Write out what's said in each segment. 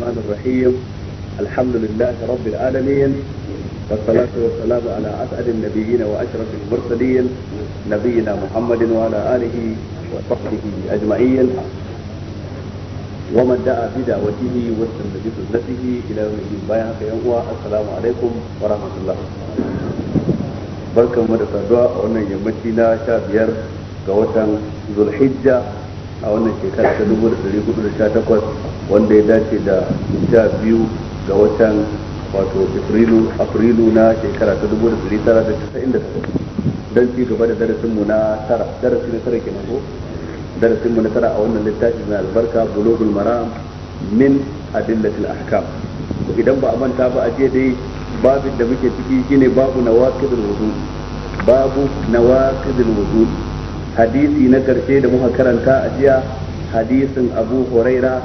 الرحمن الرحيم الحمد لله رب العالمين والصلاة والسلام على أسعد النبيين وأشرف المرسلين نبينا محمد وعلى آله وصحبه أجمعين ومن دعا بدعوته واستنى بسنته إلى يوم الدين بايعك يوم السلام عليكم ورحمة الله بركة mu da saduwa a wannan yammaci na a wannan shekara ta 1418 wanda ya dace da sha biyu ga watan wato afrilu afrilu na shekara ta 1998 don ci gaba da darasin mu na tara darasin na tara nan ko darasin mu na tara a wannan littafi na albarka bulugul maram min adillatil ahkam idan ba a manta ba a je dai babin da muke ciki shine babu nawaqidul wudu babu nawaqidul wudu hadisi na karshe da muka karanta a jiya hadisin abu huraira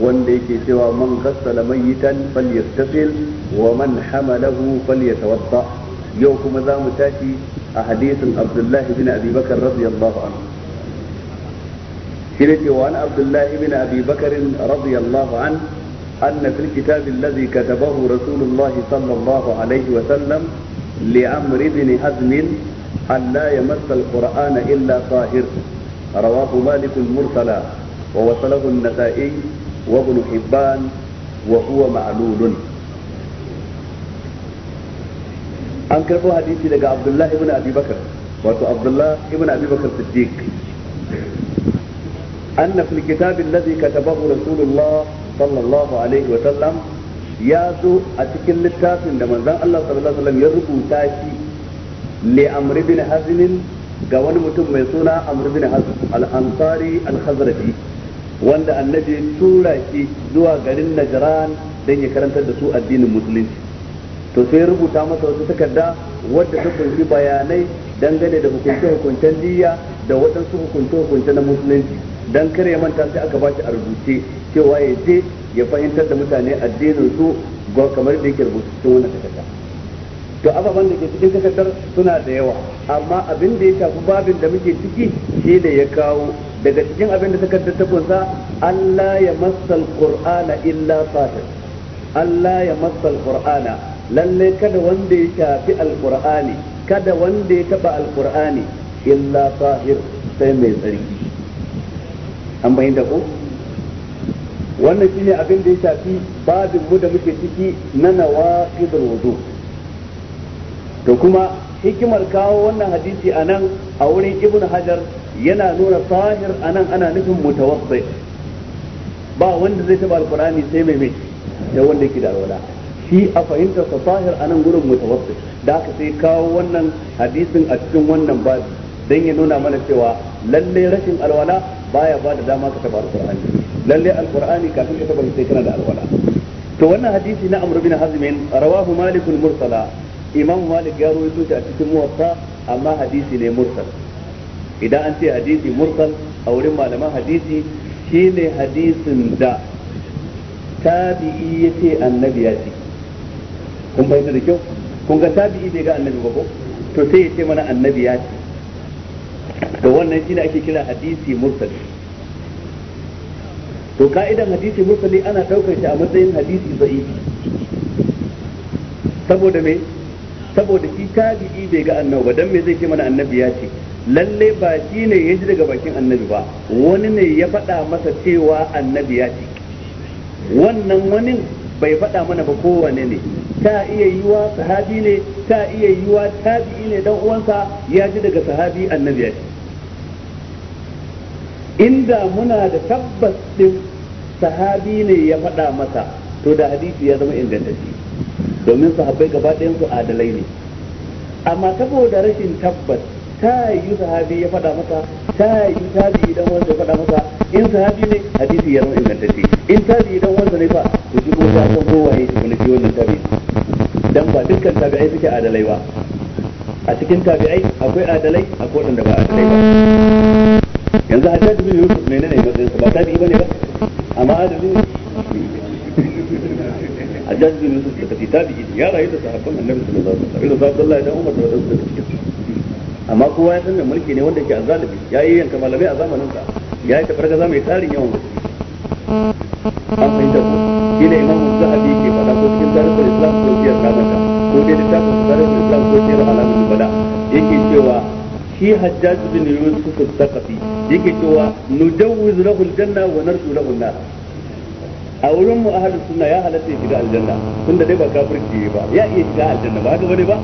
wanda yake cewa man gassala mayitan falyastasil wa man hamalahu falyatawadda yau kuma za mu tashi a hadisin abdullahi bin abi bakar radiyallahu anhu shine cewa an abdullahi bin abi bakar radiyallahu an أن في الكتاب الذي كتبه رسول الله صلى الله عليه وسلم لعمر بن حزم أن لا يمس القرآن إلا طاهر رواه مالك المرسلى ووصله النسائي وابن حبان وهو معلول أن كربوا حديثي لك عبد الله بن أبي بكر وتو عبد الله بن أبي بكر الصديق أن في الكتاب الذي كتبه رسول الله صلى الله عليه وسلم يازو أتكلم التاسم لما ذا الله صلى الله عليه وسلم يرقو تاسي li amr bin hazm ga wani mutum mai suna amr bin hazm al-ansari al-khazraji wanda annabi ya tura shi zuwa garin najran dan ya karantar da su addinin musulunci to sai rubuta masa wata takarda wadda ta kunshi bayanai dangane da hukunce-hukuncen diyya da waɗansu hukunce-hukunce na musulunci dan kare manta sai aka bashi a rubuce cewa ya je ya fahimtar da mutane addinin su ga kamar da yake rubutu wannan takarda to ababen da ke cikin takardar suna da yawa amma abin da ya shafi babin da muke ciki shi ne ya kawo daga cikin abin da takardar ta kunsa Allah ya masal qur'ana illa fatir Allah ya masal qur'ana lalle kada wanda ya shafi alqur'ani kada wanda ya taba alqur'ani illa fahir sai mai tsarki an bayyana ko wannan shine abin da ya shafi babin mu da muke ciki na nawaqidul wudu' to kuma hikimar kawo wannan hadisi a nan a wurin ibn hajar yana nuna sahir a nan ana nufin mutawassai ba wanda zai taba alkurani sai mai mai da wanda yake da alwala shi a fahimtar sa sahir a nan gurin mutawassai da aka sai kawo wannan hadisin a cikin wannan ba dan ya nuna mana cewa lalle rashin alwala baya ba da dama ka taba alkurani lalle alkurani kafin ka taba sai kana da alwala to wannan hadisi na amr bin hazm rawahu malik mursala imam malik ya rawaito shi a cikin muwatta amma hadisi ne mursal idan an ce hadisi mursal a wurin malaman hadisi shine hadisin da tabi'i ya ce annabi ya ce kun bayyana da kyau kun ga tabi'i bai ga annabi ba ko to sai ya ce mana annabi ya ce to wannan shine ake kira hadisi mursal to ka'idan hadisi mursali ana daukar shi a matsayin hadisi za'i saboda me saboda shi tabi'i bai ga annabi ba dan me zai ce mana annabi ya ce lalle ba shi ne ya ji daga bakin annabi ba wani ne ya faɗa masa cewa annabi ya ce wannan wani bai faɗa mana ba kowane ne ta iya yiwa sahabi ne ta iya yiwa tabi'i ne dan uwansa ya ji daga sahabi annabi ya ce inda muna da tabbas din sahabi ne ya faɗa masa to da hadisi ya zama ingantacce domin sahabbai gaba ɗayan su adalai ne amma saboda rashin tabbas ta yi sahabi ya faɗa masa ta yi tabi idan wanda ya faɗa masa in sahabi ne hadisi ya zama ingantacce in tabi idan wanda ne fa ku shi kuma san kowa ya wani shi wannan tabi dan ba dukkan tabi'ai suke adalai ba a cikin tabi'ai akwai adalai akwai wanda ba adalai ba yanzu hatta da biyu ne matsayin ba tabi'i bane ba amma adalai hajjaj da tafi tabi'i ya rayu da sahabban annabi sallallahu alaihi wasallam irin abdullahi da umar da wadansu daga cikin amma kowa ya san mulki ne wanda ke azalibi ya yi yanka malamai a zamanin sa ya yi tafargaza mai tarin yawan wasu an fahimta ko shi ne imam zahabi ke faɗa ko cikin tarihin islam ko biyar kamata ko dai littafin tarihin islam ko biyar alamun bada yake cewa shi hajjaj bin yusuf al-thaqafi yake cewa nujawwiz lahu al-janna wa narju lahu an-nar a wurin mu ahlus sunna ya halatta ya shiga aljanna tunda dai ba kafirci ba ya iya shiga aljanna ba haka bane ba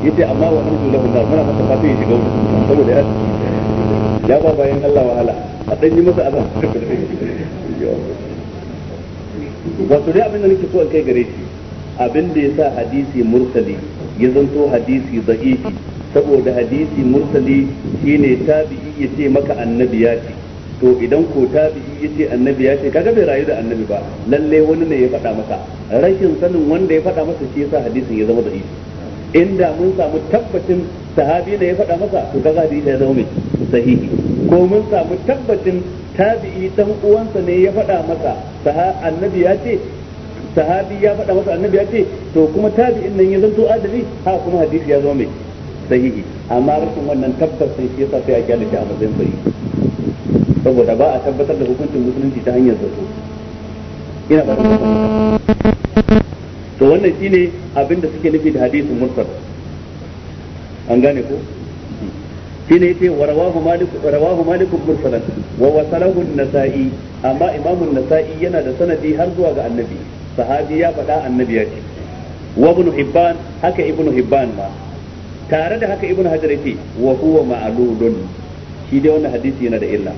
yace amma wa an lahu nar muna masa fata ya shiga wurin saboda ya ya ba bayan Allah wahala a dan yi masa azan wato dai abin da nake so in kai gare shi abin da yasa hadisi mursali ya zanto hadisi da'ifi saboda hadisi mursali shine tabi'i yace maka annabi ya ce to idan ko tabi'i ce annabi ya ce kaga bai rayu da annabi ba lalle wani ne ya faɗa masa rashin sanin wanda ya faɗa masa shi yasa hadisin ya zama da ishi inda mun samu tabbacin sahabi ne ya faɗa masa to kaga hadisi ya zama mai sahihi ko mun samu tabbacin tabi'i dan uwansa ne ya faɗa masa annabi ya ce sahabi ya faɗa masa annabi ya ce to kuma tabi'in nan ya zanto adali ha kuma hadisi ya zama mai sahihi amma rashin wannan tabbacin shi yasa sai a kyalace a matsayin sahihi saboda ba a tabbatar da hukuncin musulunci ta hanyar zato ina ba to wannan shine abin da suke nufi da hadisin mursal an gane ko shine yace wa rawahu malik rawahu malik mursalan wa wasalahu an-nasa'i amma imamun an-nasa'i yana da sanadi har zuwa ga annabi sahabi ya faɗa annabi ya ce wa ibn hibban haka ibn hibban ma tare da haka ibn hajar yace wa huwa ma'lulun shi dai wannan hadisi yana da illa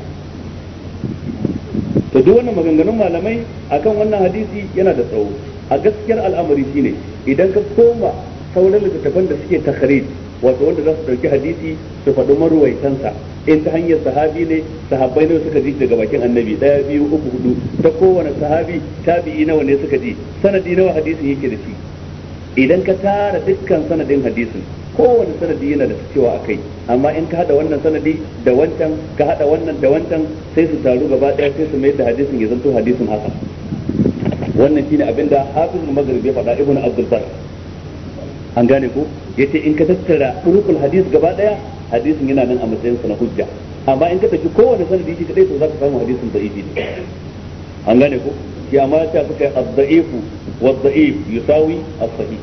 to duk wannan maganganun malamai akan wannan hadisi yana da tsawo a gaskiyar al'amari shine idan ka koma sauran littattafan da suke takhrij wato wanda za su dauki hadisi su faɗi maruwaitansa in ta hanyar sahabi ne sahabbai ne suka ji daga bakin annabi ɗaya biyu uku hudu ta kowane sahabi tabi'i nawa ne suka ji sanadi nawa hadisin yake da shi idan ka tara dukkan sanadin hadisin kowane sanadi yana da cewa kai. amma in ka hada wannan sanadi da wancan ka hada wannan da wancan sai su taru gaba daya sai su mai da hadisin ya zanto hadisin haka wannan shine abinda hafizul maghrib ya faɗa ibnu abdul bar an gane ko yace in ka tattara turukul hadis gaba daya hadisin yana nan a matsayin sa na hujja amma in ka tafi kowane sanadi shi kadai to zaka samu hadisin da ne an gane ko shi amma ta suka ad wa wad-da'if yusawi as-sahih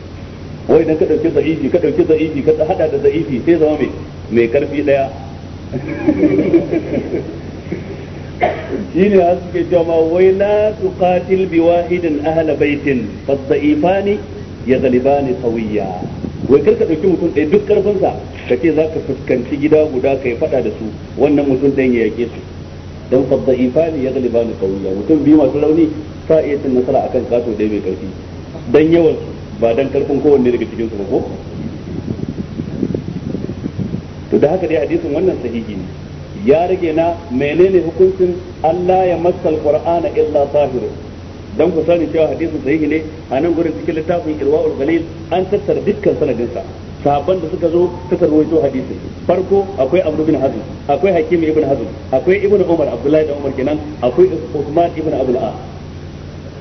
wai idan ka dauki zaifi ka dauki zaifi ka hada da da'ifi sai zama mai mai karfi daya shine har suke cewa ma wai la tuqatil bi wahidin ahla baitin fadaifani ya galibani qawiyya wai karka dauki mutum ɗaya duk karfin sa kace zaka fuskanci gida guda kai fada da su wannan mutum ɗan ya yake su dan fadaifani ya galibani qawiyya mutum bi masu rauni sa iya nasara akan kato dai mai karfi dan yawan ba dan karfin kowanne daga cikin su ba ko to da haka dai hadisin wannan sahihi ne ya rage na menene hukuncin Allah ya masal qur'ana illa tahiru dan ku sani cewa hadisin sahihi ne a nan gurin cikin littafin irwaul galil an tattara dukkan sanadin sa sahabban da suka zo suka rawaito hadisin farko akwai Amr bin Hazm akwai Hakim ibn Hazm akwai Ibn Umar Abdullahi da Umar kenan akwai usman ibn Abdullah.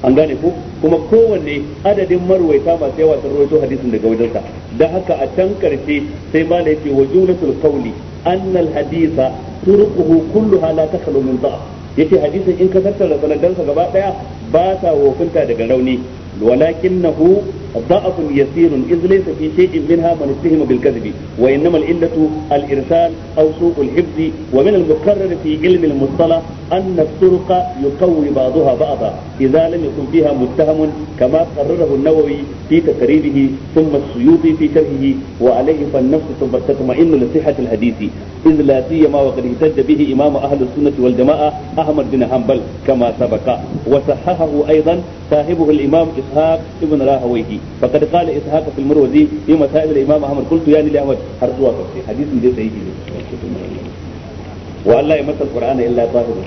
an gane ko kuma kowanne adadin marwaita ba sai wasan rawaito hadisin daga wajensa da haka a can karfe sai ma da yake wajulatul qawli annal haditha turuquhu kulluha la takhlu min da'f yace hadisin in ka tattara sanadansa gaba daya ba sa wofinta daga rauni walakinahu ضعف يسير إذ ليس في شيء منها من اتهم بالكذب وإنما العلة الإرسال أو سوء الحفظ ومن المقرر في علم المصطلح أن الطرق يقوي بعضها بعضا إذا لم يكن فيها متهم كما قرره النووي في تقريبه ثم السيوطي في شرحه وعليه فالنفس تطمئن لصحة الحديث إذ لا سيما وقد اهتد به إمام أهل السنة والجماعة أحمد بن حنبل كما سبق وصححه أيضا صاحبه الإمام إسحاق بن راهويه faqad qala ishaq fil marwazi fi masail imam ahmad qultu yani li ahmad har zuwa karshe hadisin dai sahihi ne wa Allah ya masa qur'ana illa zahirun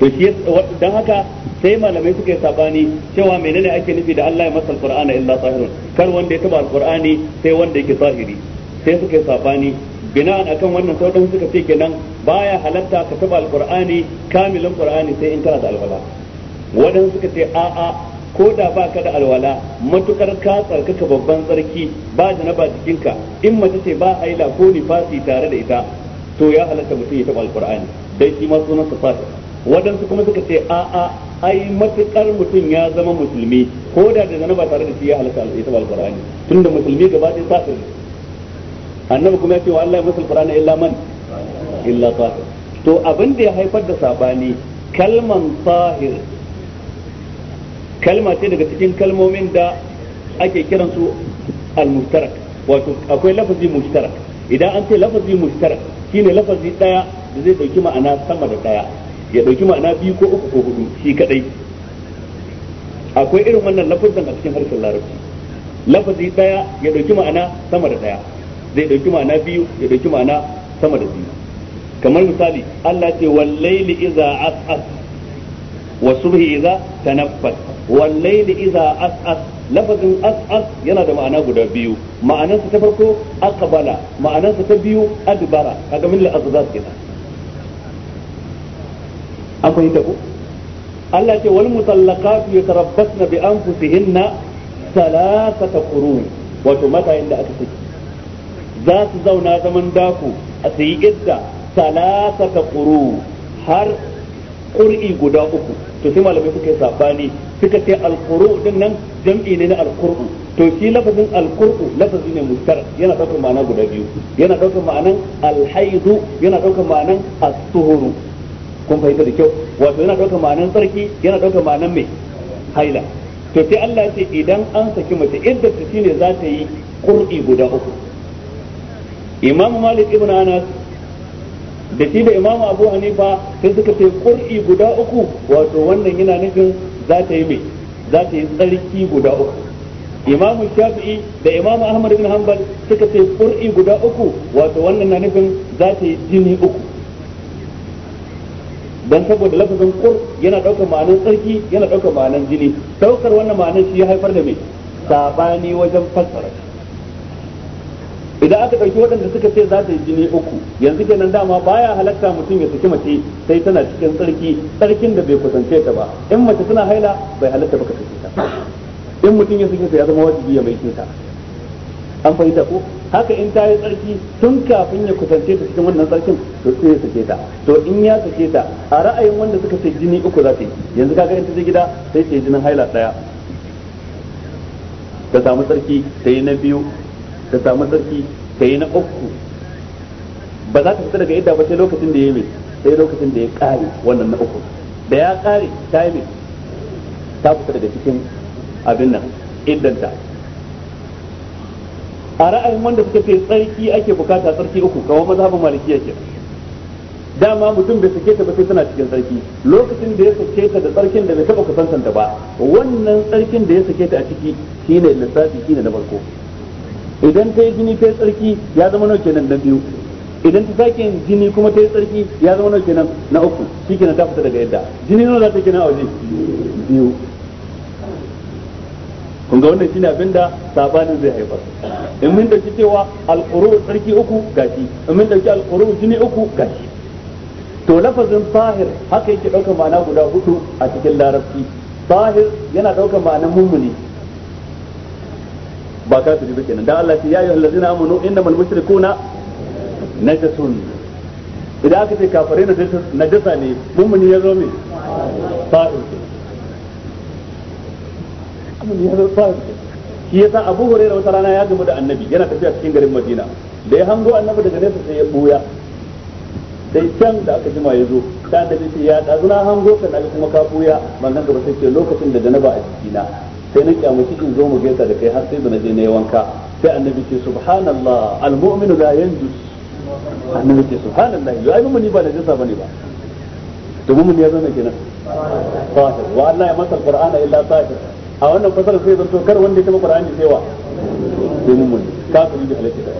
to shi dan haka sai malamai suka yi sabani cewa menene ake nufi da Allah ya masa Alqur'ana illa zahirun kar wanda ya taba alqur'ani sai wanda yake zahiri sai suka yi sabani bina'an akan wannan sauran suka ce kenan baya halatta ka taba alqur'ani kamilin qur'ani sai in kana da alwala wadan suka ce a'a ko da ba ka da alwala matukar ka tsarkaka babban tsarki ba da na ba jikinka in mace ce ba aila ko nifasi tare da ita to ya halatta mutum ya taɓa alkur'ani dai shi ma sunan su fata waɗansu kuma suka ce a'a ai matukar mutum ya zama musulmi ko da da na ba tare da shi ya halatta ya taɓa alkur'ani tunda musulmi gaba ɗaya fatir annabi kuma ya ce wa Allah ya musul qur'ani illa man illa fatir to abin da ya haifar da sabani kalman fahir kalma ce daga cikin kalmomin da ake kiran su al-mustarak wato akwai lafazi mustarak idan an ce lafazi mustarak shine lafazi daya da zai dauki ma'ana sama da daya ya dauki ma'ana biyu ko uku ko hudu shi kadai akwai irin wannan lafazin a cikin harshen larabci lafazi daya ya dauki ma'ana sama da daya zai dauki ma'ana biyu ya dauki ma'ana sama da biyu kamar misali Allah ce wal layli idza as'as wa subhi idza tanaffas Wallai wallaili idza as'as lafazin as'as yana da ma'ana guda biyu ma'anarsa ta farko aqbala ma'anarsa ta biyu adbara kaga min al-azraz kenan akwai ta ko Allah ce wal mutallaqatu yatarabbasna bi anfusihinna thalathata qurun wato mata inda aka saki za su zauna zaman dako a sayi idda thalathata qurun har ƙuri guda uku to sai malamai suka yi sabani suka ce alkuru din nan jam'i ne na alkuru to shi lafazin alkuru lafazi ne mustar yana daukar ma'ana guda biyu yana daukar ma'anan alhaidu yana daukar ma'anan as-suhuru kun fahimta da kyau wato yana daukar ma'anan sarki yana daukar ma'anan mai haila to sai Allah ya ce idan an saki mace idda ta shine za ta yi qur'i guda uku Imam Malik ibn Anas da shi da Imam Abu Hanifa sai suka ce qur'i guda uku wato wannan yana nufin za ta yi mai za ta yi tsarki guda uku Imamu shafi'i da imam ahmad bin hanbal suka ce qur'i guda uku wato wannan na nufin za ta yi jini uku dan saboda lafazin qur yana daukar ma'anar tsarki yana daukar ma'anar jini daukar wannan ma'anar shi ya haifar da mai saɓani wajen fassara idan aka ɗauki waɗanda suka ce za ta yi jini uku yanzu kenan dama baya halatta mutum ya saki mace sai tana cikin tsarki tsarkin da bai kusance ta ba in mace tana haila bai halatta ba ka saki ta in mutum ya saki ta ya zama wajibi ya mai ta an fahimta ko haka in ta yi tsarki tun kafin ya kusance ta cikin wannan tsarkin to sai ya sake ta to in ya sake ta a ra'ayin wanda suka ce jini uku za ta yi yanzu kaga in ta je gida sai ta yi jinin haila ɗaya ta samu tsarki ta yi na biyu ta samu tsarki ka yi na uku ba za ta fita daga idda ba sai lokacin da ya yi sai lokacin da ya kare wannan na uku da ya kare ta yi ta fita daga cikin abin nan iddanta a ra'ayin wanda suka ce tsarki ake bukata tsarki uku kamar mazhabin maliki yake dama mutum bai sake ta ba sai tana cikin tsarki lokacin da ya sake ta da tsarkin da bai taba kusantanta ba wannan tsarkin da ya sake ta a ciki shine lissafi shine na farko idan ta yi jini ta yi tsarki ya zama nauke nan na biyu idan ta sake jini kuma ta yi tsarki ya zama nauke nan na uku shi kenan ta fita daga yadda jini nuna za ta kenan a waje biyu kun ga wannan shine abinda sabanin zai haifar in mun dauki cewa alquru tsarki uku gashi in mun dauki alquru jini uku gashi to lafazin fahir haka yake daukar ma'ana guda hudu a cikin larabci fahir yana daukar ma'anar mummuni ba ka kafiri ba nan dan Allah ya yi ayyuhal ladzina amanu innamal mushrikuna najasun idan aka ce kafare na najasa ne mun mummuni ya zo me fa'il mun ya zo fa'il shi yasa Abu Hurairah wata rana ya gamu da Annabi yana tafiya cikin garin Madina da ya hango Annabi daga nesa sai ya buya sai can da aka jima ya zo ta da ya ɗazu na hango ka na kuma ka buya manzon gaba sai ce lokacin da janaba a cikina sai na kyamaci in zo mu gaisa da kai har sai da na je na wanka sai annabi ce subhanallah almu'minu la yanjus annabi ce subhanallah yau ai mun ba da jinsa bane ba to mun ya zama kenan tahir wa Allah ya masa alqur'ana illa tahir a wannan fasar sai zanto kar wanda ya taba qur'ani sai wa sai mun kafiri da halaka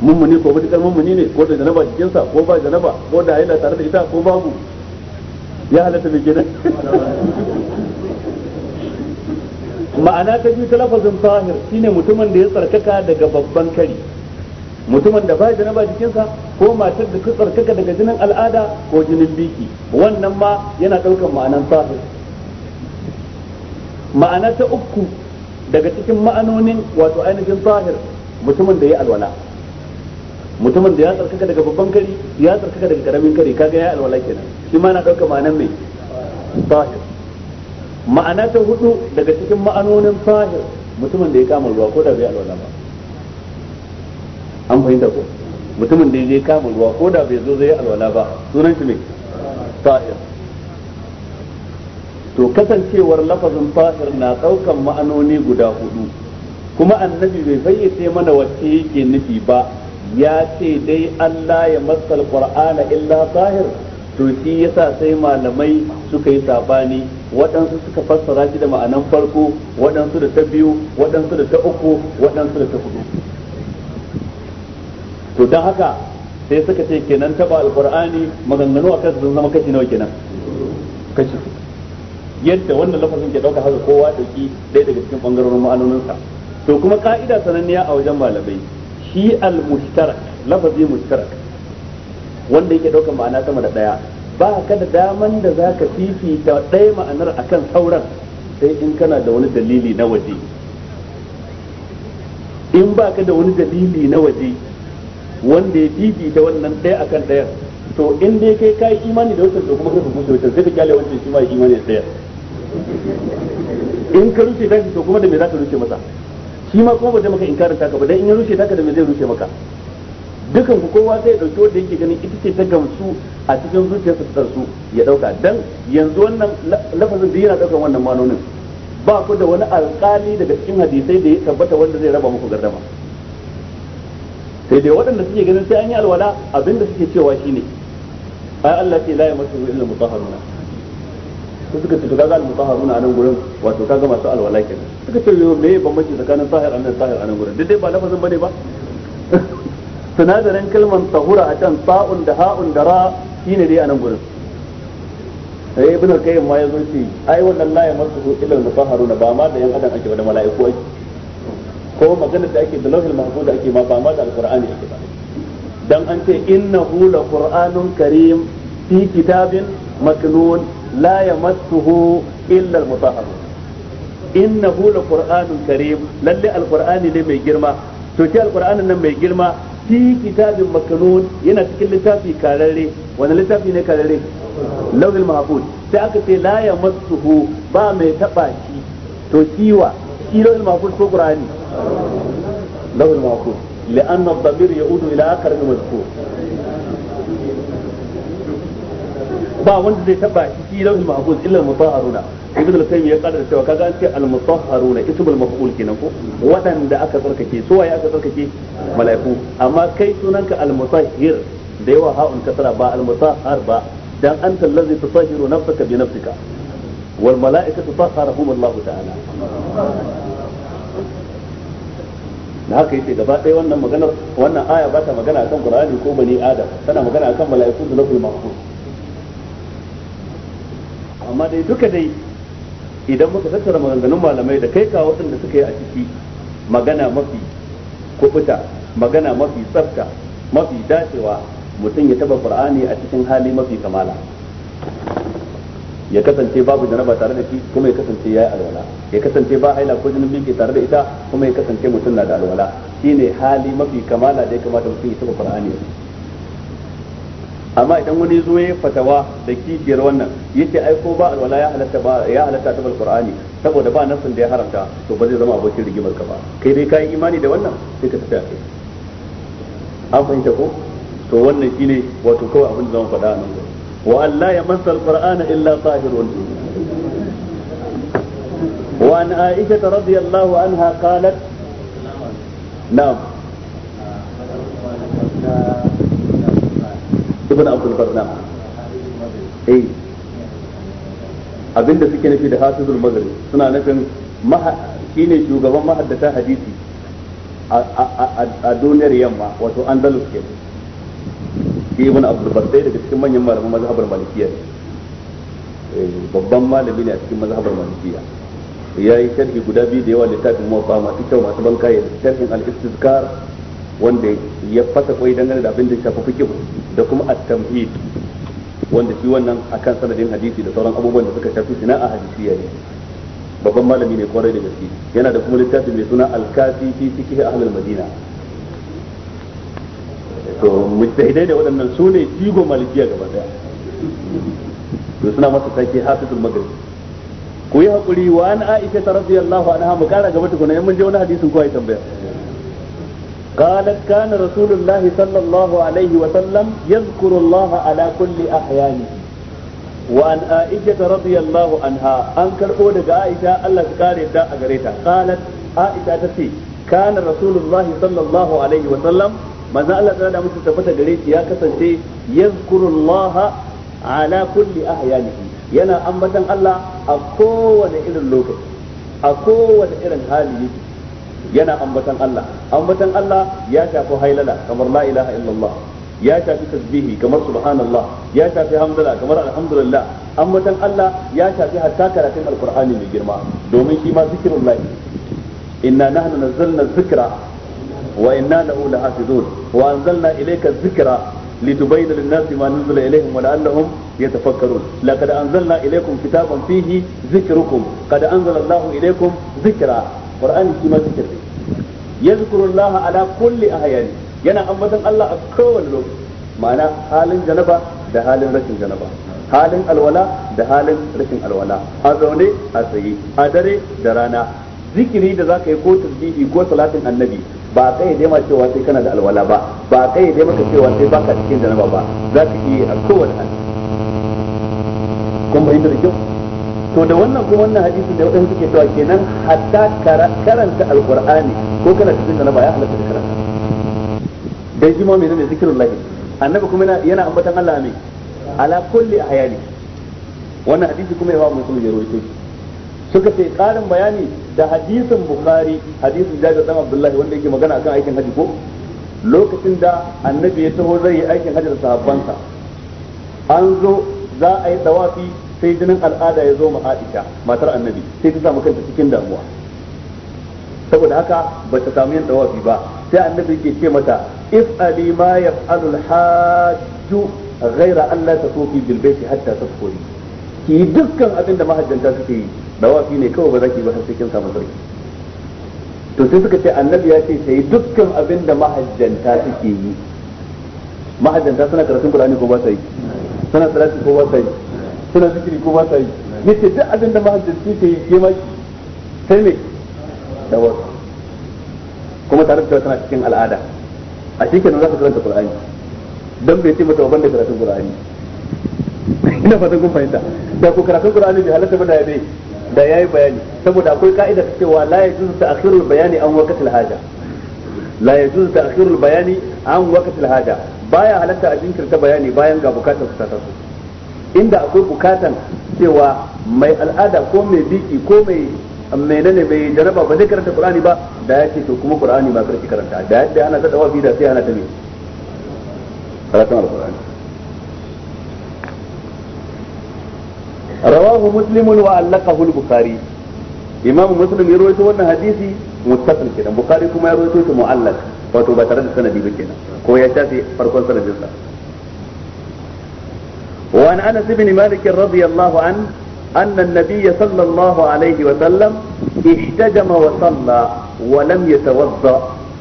mun ko wata kalmar mun ne ko da janaba cikin sa ko ba janaba ko da yana tare da ita ko babu ya halatta bai kenan ma'ana ta biyu ta lafazin tahir shine mutumin da ya tsarkaka daga babban kari mutumin da ba ba jikinsa ko matar da ta tsarkaka daga jinin al'ada ko jinin biki wannan ma yana ɗaukar ma'anan tahir ma'ana ta uku daga cikin ma'anonin wato ainihin tahir mutumin da ya alwala mutumin da ya tsarkaka daga babban kari ya tsarkaka daga karamin kari kaga ya alwala kenan shi ma na ɗaukar ma'anan mai tahir ma'ana ta hudu daga cikin ma'anonin fahir mutumin da ya kama ruwa ko da bai alwala ba an fahimta ko mutumin da ya kama ruwa ko da bai zo zai alwala ba sunan shi ne fahir to kasancewar lafazin fahir na daukan ma'anoni guda hudu kuma annabi bai fayyace mana wacce yake nufi ba ya ce dai Allah ya masal qur'ana illa fahir to shi yasa sai malamai suka yi sabani waɗansu suka fassara shi da ma'anan farko waɗansu da ta biyu waɗansu da ta uku waɗansu da ta hudu to don haka sai suka ce kenan taba alqur'ani maganganu akan sun zama kashi nawa kenan kashi yadda wannan lafazin ke dauka haka kowa dauki ɗaya daga cikin bangarorin ma'anoninsa to kuma ka'ida sananniya a wajen malamai shi al-mushtarak lafazi mushtarak wanda yake ɗaukar ma'ana sama da ɗaya ba ka da daman da za ka fifita ɗaya ma'anar a kan sauran sai in kana da wani dalili na waje in ba ka da wani dalili na waje wanda ya fifita wannan ɗaya a kan ɗaya to in dai kai ka yi imani da wancan to kuma ka kusa wancan sai ka kyale wancan shi ma ya imani da ɗaya in ka rushe ta to kuma da me za ka rushe masa shi ma kuma ba zai maka inkarin taka ba dan in ya rushe taka da me zai rushe maka dukan ku kowa zai dauki wanda yake ganin ita ce ta gamsu a cikin zuciyarsa ta tsarsu ya dauka dan yanzu wannan lafazin da yana daukan wannan manonin ba ku da wani alƙali daga cikin hadisai da ya tabbata wanda zai raba muku gardama sai dai waɗanda suke ganin sai an yi alwala abinda suke cewa shine ai Allah ce la masu illa mutahharuna su suka ce to kaga al-mutahharuna a nan gurin wato kaga masu alwala kenan suka ce me me mace tsakanin sahir anan sahir anan gurin duk dai ba lafazin bane ba sinadarin kalmar tahura a can sa'un da ha'un da ra shi ne dai a nan gurin sai eh, ibn al-qayyim ma yazo ce ai wannan la yamassu illa al na ba ma da yan adam ake ba da mala'iku ake ko maganar da ake da lauhul mahfuz ake ma ba ma da alqur'ani ake ba dan an ce innahu la qur'anun karim fi kitabin maknun la yamassuhu illa al-mutahharun innahu la qur'anun karim lalle alqur'ani ne mai girma to al alqur'anin nan mai girma fi kitabin makanun yana cikin littafi kararre wani littafi ne kararre lauhil mahfuz sai aka ce la yamassuhu ba mai taba shi to kiwa shi lauhil mahfuz ko qur'ani lauhil mahfuz لأن الضمير يعود إلى آخر المذكور ba wanda zai taba shi shi lauhil mahfuz illa mutahharuna ibnu al ya kada cewa kaga an ce al-mutahharuna ismul maf'ul kenan ko wadanda aka tsarkake so waye aka tsarkake mala'iku amma kai sunanka al-mutahhir da yawa ha'un kasara ba al-mutahhar ba dan anta allazi tutahhiru nafsaka bi nafsika wal mala'ikatu tahharahum Allah ta'ala na haka yace gaba ɗaya wannan maganar wannan aya ba ta magana akan Qur'ani ko bani Adam tana magana akan mala'iku da nafsul maf'ul amma dai duka dai idan muka tattara maganganun malamai da kai kawo waɗanda suka yi a ciki magana mafi kubuta magana mafi tsafta mafi dacewa mutum ya taba qur'ani a cikin hali mafi kamala ya kasance babu janaba tare da shi kuma ya kasance yayi alwala ya kasance ba haila ko jinin biki tare da ita kuma ya kasance mutum na da alwala shine hali mafi kamala da ya kamata mutum ya taba qur'ani a ciki amma idan wani zo ya fatawa da kikiyar wannan yace ai ko ba alwala ya halatta ba ya halatta ta alqur'ani saboda ba nasin da ya haramta to ba zai zama abokin rigimar ka ba kai dai kai imani da wannan sai ka tafi kai an fahimta ko to wannan shine wato kawai abin da zan faɗa nan wa alla yamassa alqur'ana illa tahirun وعن عائشة رضي الله عنها ibn abdul barna eh abinda suke nufi da hafizul maghrib suna nufin shine shugaban mahaddata hadisi a duniyar yamma wato andalus ke ibn abdul barna daga cikin manyan malaman mazhabar malikiyya eh, babban malami ne a cikin mazhabar malikiyya ya yi sharhi guda biyu da yawa littafin mawafa masu kyau masu ban ya sharhin al-istizkar wanda ya fasa koyi dangane da abin da shafi fikihu da kuma at-tamhid wanda shi wannan akan sanadin hadisi da sauran abubuwan da suka shafi sina'a hadisiya ne babban malami ne kwarai da gaske yana da kuma littafi mai suna al-kafi fi fikihi ahlul madina to mujtahidai da waɗannan su ne jigo malikiya gaba daya to suna masa sake hafizul maghrib ku yi hakuri wa an aisha radiyallahu anha mu kara gaba tukuna in mun je wani hadisin ko ai tambaya قالت كان رسول الله صلى الله عليه وسلم يذكر الله على كل أحيانه وعن عائشة رضي الله عنها أنكر أودك عائشة الله تكاري دا أغريتا قالت عائشة تسي كان رسول الله صلى الله عليه وسلم ماذا الله تعالى مستفتا قريت يا كسنتي يذكر الله على كل أحيانه ينا أنبتا الله أقوى إلى اللوكة أقوى إلى الحال يجي yana ambatan Allah ambatan Allah ya shafi hailala kamar la ilaha illallah ya shafi tasbihi kamar subhanallah ya shafi hamdala kamar alhamdulillah ambatan Allah ya shafi hatta karatun alqur'ani mai girma domin shi ma zikrullah inna nahnu nazzalna dhikra wa inna lahu lahafizun wa anzalna ilayka dhikra لتبين للناس ما نزل إليهم ولعلهم يتفكرون لقد أنزلنا إليكم كتابا فيه ذكركم قد أنزل الله إليكم ذكرا qur'ani shi ma zikir sai yazkurullaha ala kulli ahyani yana ambaton Allah a kowane lokaci ma'ana halin janaba da halin rashin janaba halin alwala da halin rashin alwala a zaune a tsaye a dare da rana zikiri da zaka yi ko tasbihi ko salatin annabi ba kai dai ma cewa sai kana da alwala ba ba a kai dai maka cewa sai baka cikin janaba ba zaka iya a kowane hali kun bayyana da kyau to da wannan kuma wannan hadisi da wadanda suke cewa kenan hatta karanta alqur'ani ko kana cikin sunna na baya halatta da karanta dan shi ma menene zikrullah annabi kuma yana ambaton Allah ne ala kulli ayali wannan hadisi kuma ya ba muslim ya rawaito suka ce karin bayani da hadisin bukhari hadisin jabir dan abdullahi wanda yake magana akan aikin haji ko lokacin da annabi ya taho zai yi aikin haji da sahabbansa an zo za a yi dawafi sai jinin al'ada ya zo ma Aisha matar annabi sai ta samu kanta cikin damuwa saboda haka ba ta samu yin dawafi ba sai annabi ke ce mata if'ali ma yaf'alu al-hajju ghaira an la tatufi bil baiti hatta tafkuri ki dukkan abin da mahajjanta suke yi dawafi ne kawai ba za ki ba har sai kin samu sarki to sai suka ce annabi ya ce sai dukkan abin da mahajjanta suke yi mahajjanta suna karatun Qur'ani ko ba sa yi suna salati ko ba sa yi suna zikiri ko ba sa yi yace duk abin da mahajjaci ke yi ke maki sai me da wasu kuma tare da tana cikin al'ada a shi kenan za ka karanta qur'ani dan bai ce mata ban banda karatun qur'ani ina fatan kun fahimta da ku karatun qur'ani bai halatta ba da yabe da yayi bayani saboda akwai ka'ida ta cewa la yajuzu ta'khirul bayani an waqtil haja la yajuzu ta'khirul bayani an waqtil haja baya halatta a jinkirta bayani bayan ga bukatar su ta taso inda akwai bukatan cewa mai al'ada ko mai biki ko mai menene mai jaraba ba zai karanta qur'ani ba da ya ce to kuma qur'ani ba karki karanta da yadda ana ta tawafi da sai ana ta me karatun alqur'ani rawahu muslim wa allaqahu al-bukhari imam muslim ya rawaito wannan hadisi muttafaq kenan bukhari kuma ya rawaito shi mu'allaq wato ba tare da sanadi ba kenan ko ya tafi farkon sanadinsa أنس بن مالك رضي الله عنه أن النبي صلى الله عليه وسلم احتجم وصلى ولم يتوضأ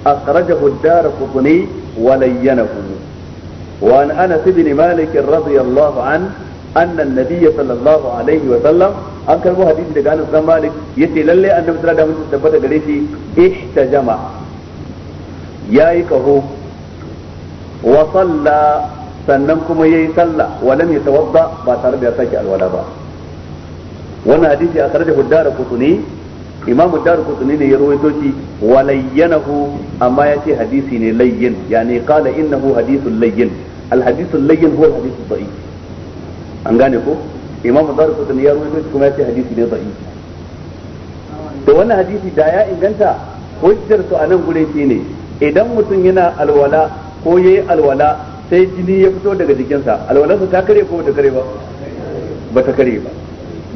أخرجه الدار قطني ولينه وعن أنس بن مالك رضي الله عنه أن النبي صلى الله عليه وسلم an karbo hadisi daga Anas dan Malik yace lalle annabi sallallahu alaihi wasallam tabbata gare shi ihtajama yayi kaho wa salla sannan kuma yayi sallah walam yatawadda ba tare da ya sake alwala ba wannan hadisi a karda huddara kutuni imam huddara kutuni ne ya rawaito shi walayyanahu amma ya ce hadisi ne layyin yani qala innahu hadithul layyin alhadithul layyin huwa alhadithul da'if an gane ko imam huddara kutuni ya rawaito shi kuma ya ce hadisi ne da'if to wannan hadisi da ya inganta hujjar su a nan gure shine idan mutum yana alwala ko yayi alwala sai jini ya fito daga jikinsa alwalarsa ta kare ko ta kare ba ba ta kare ba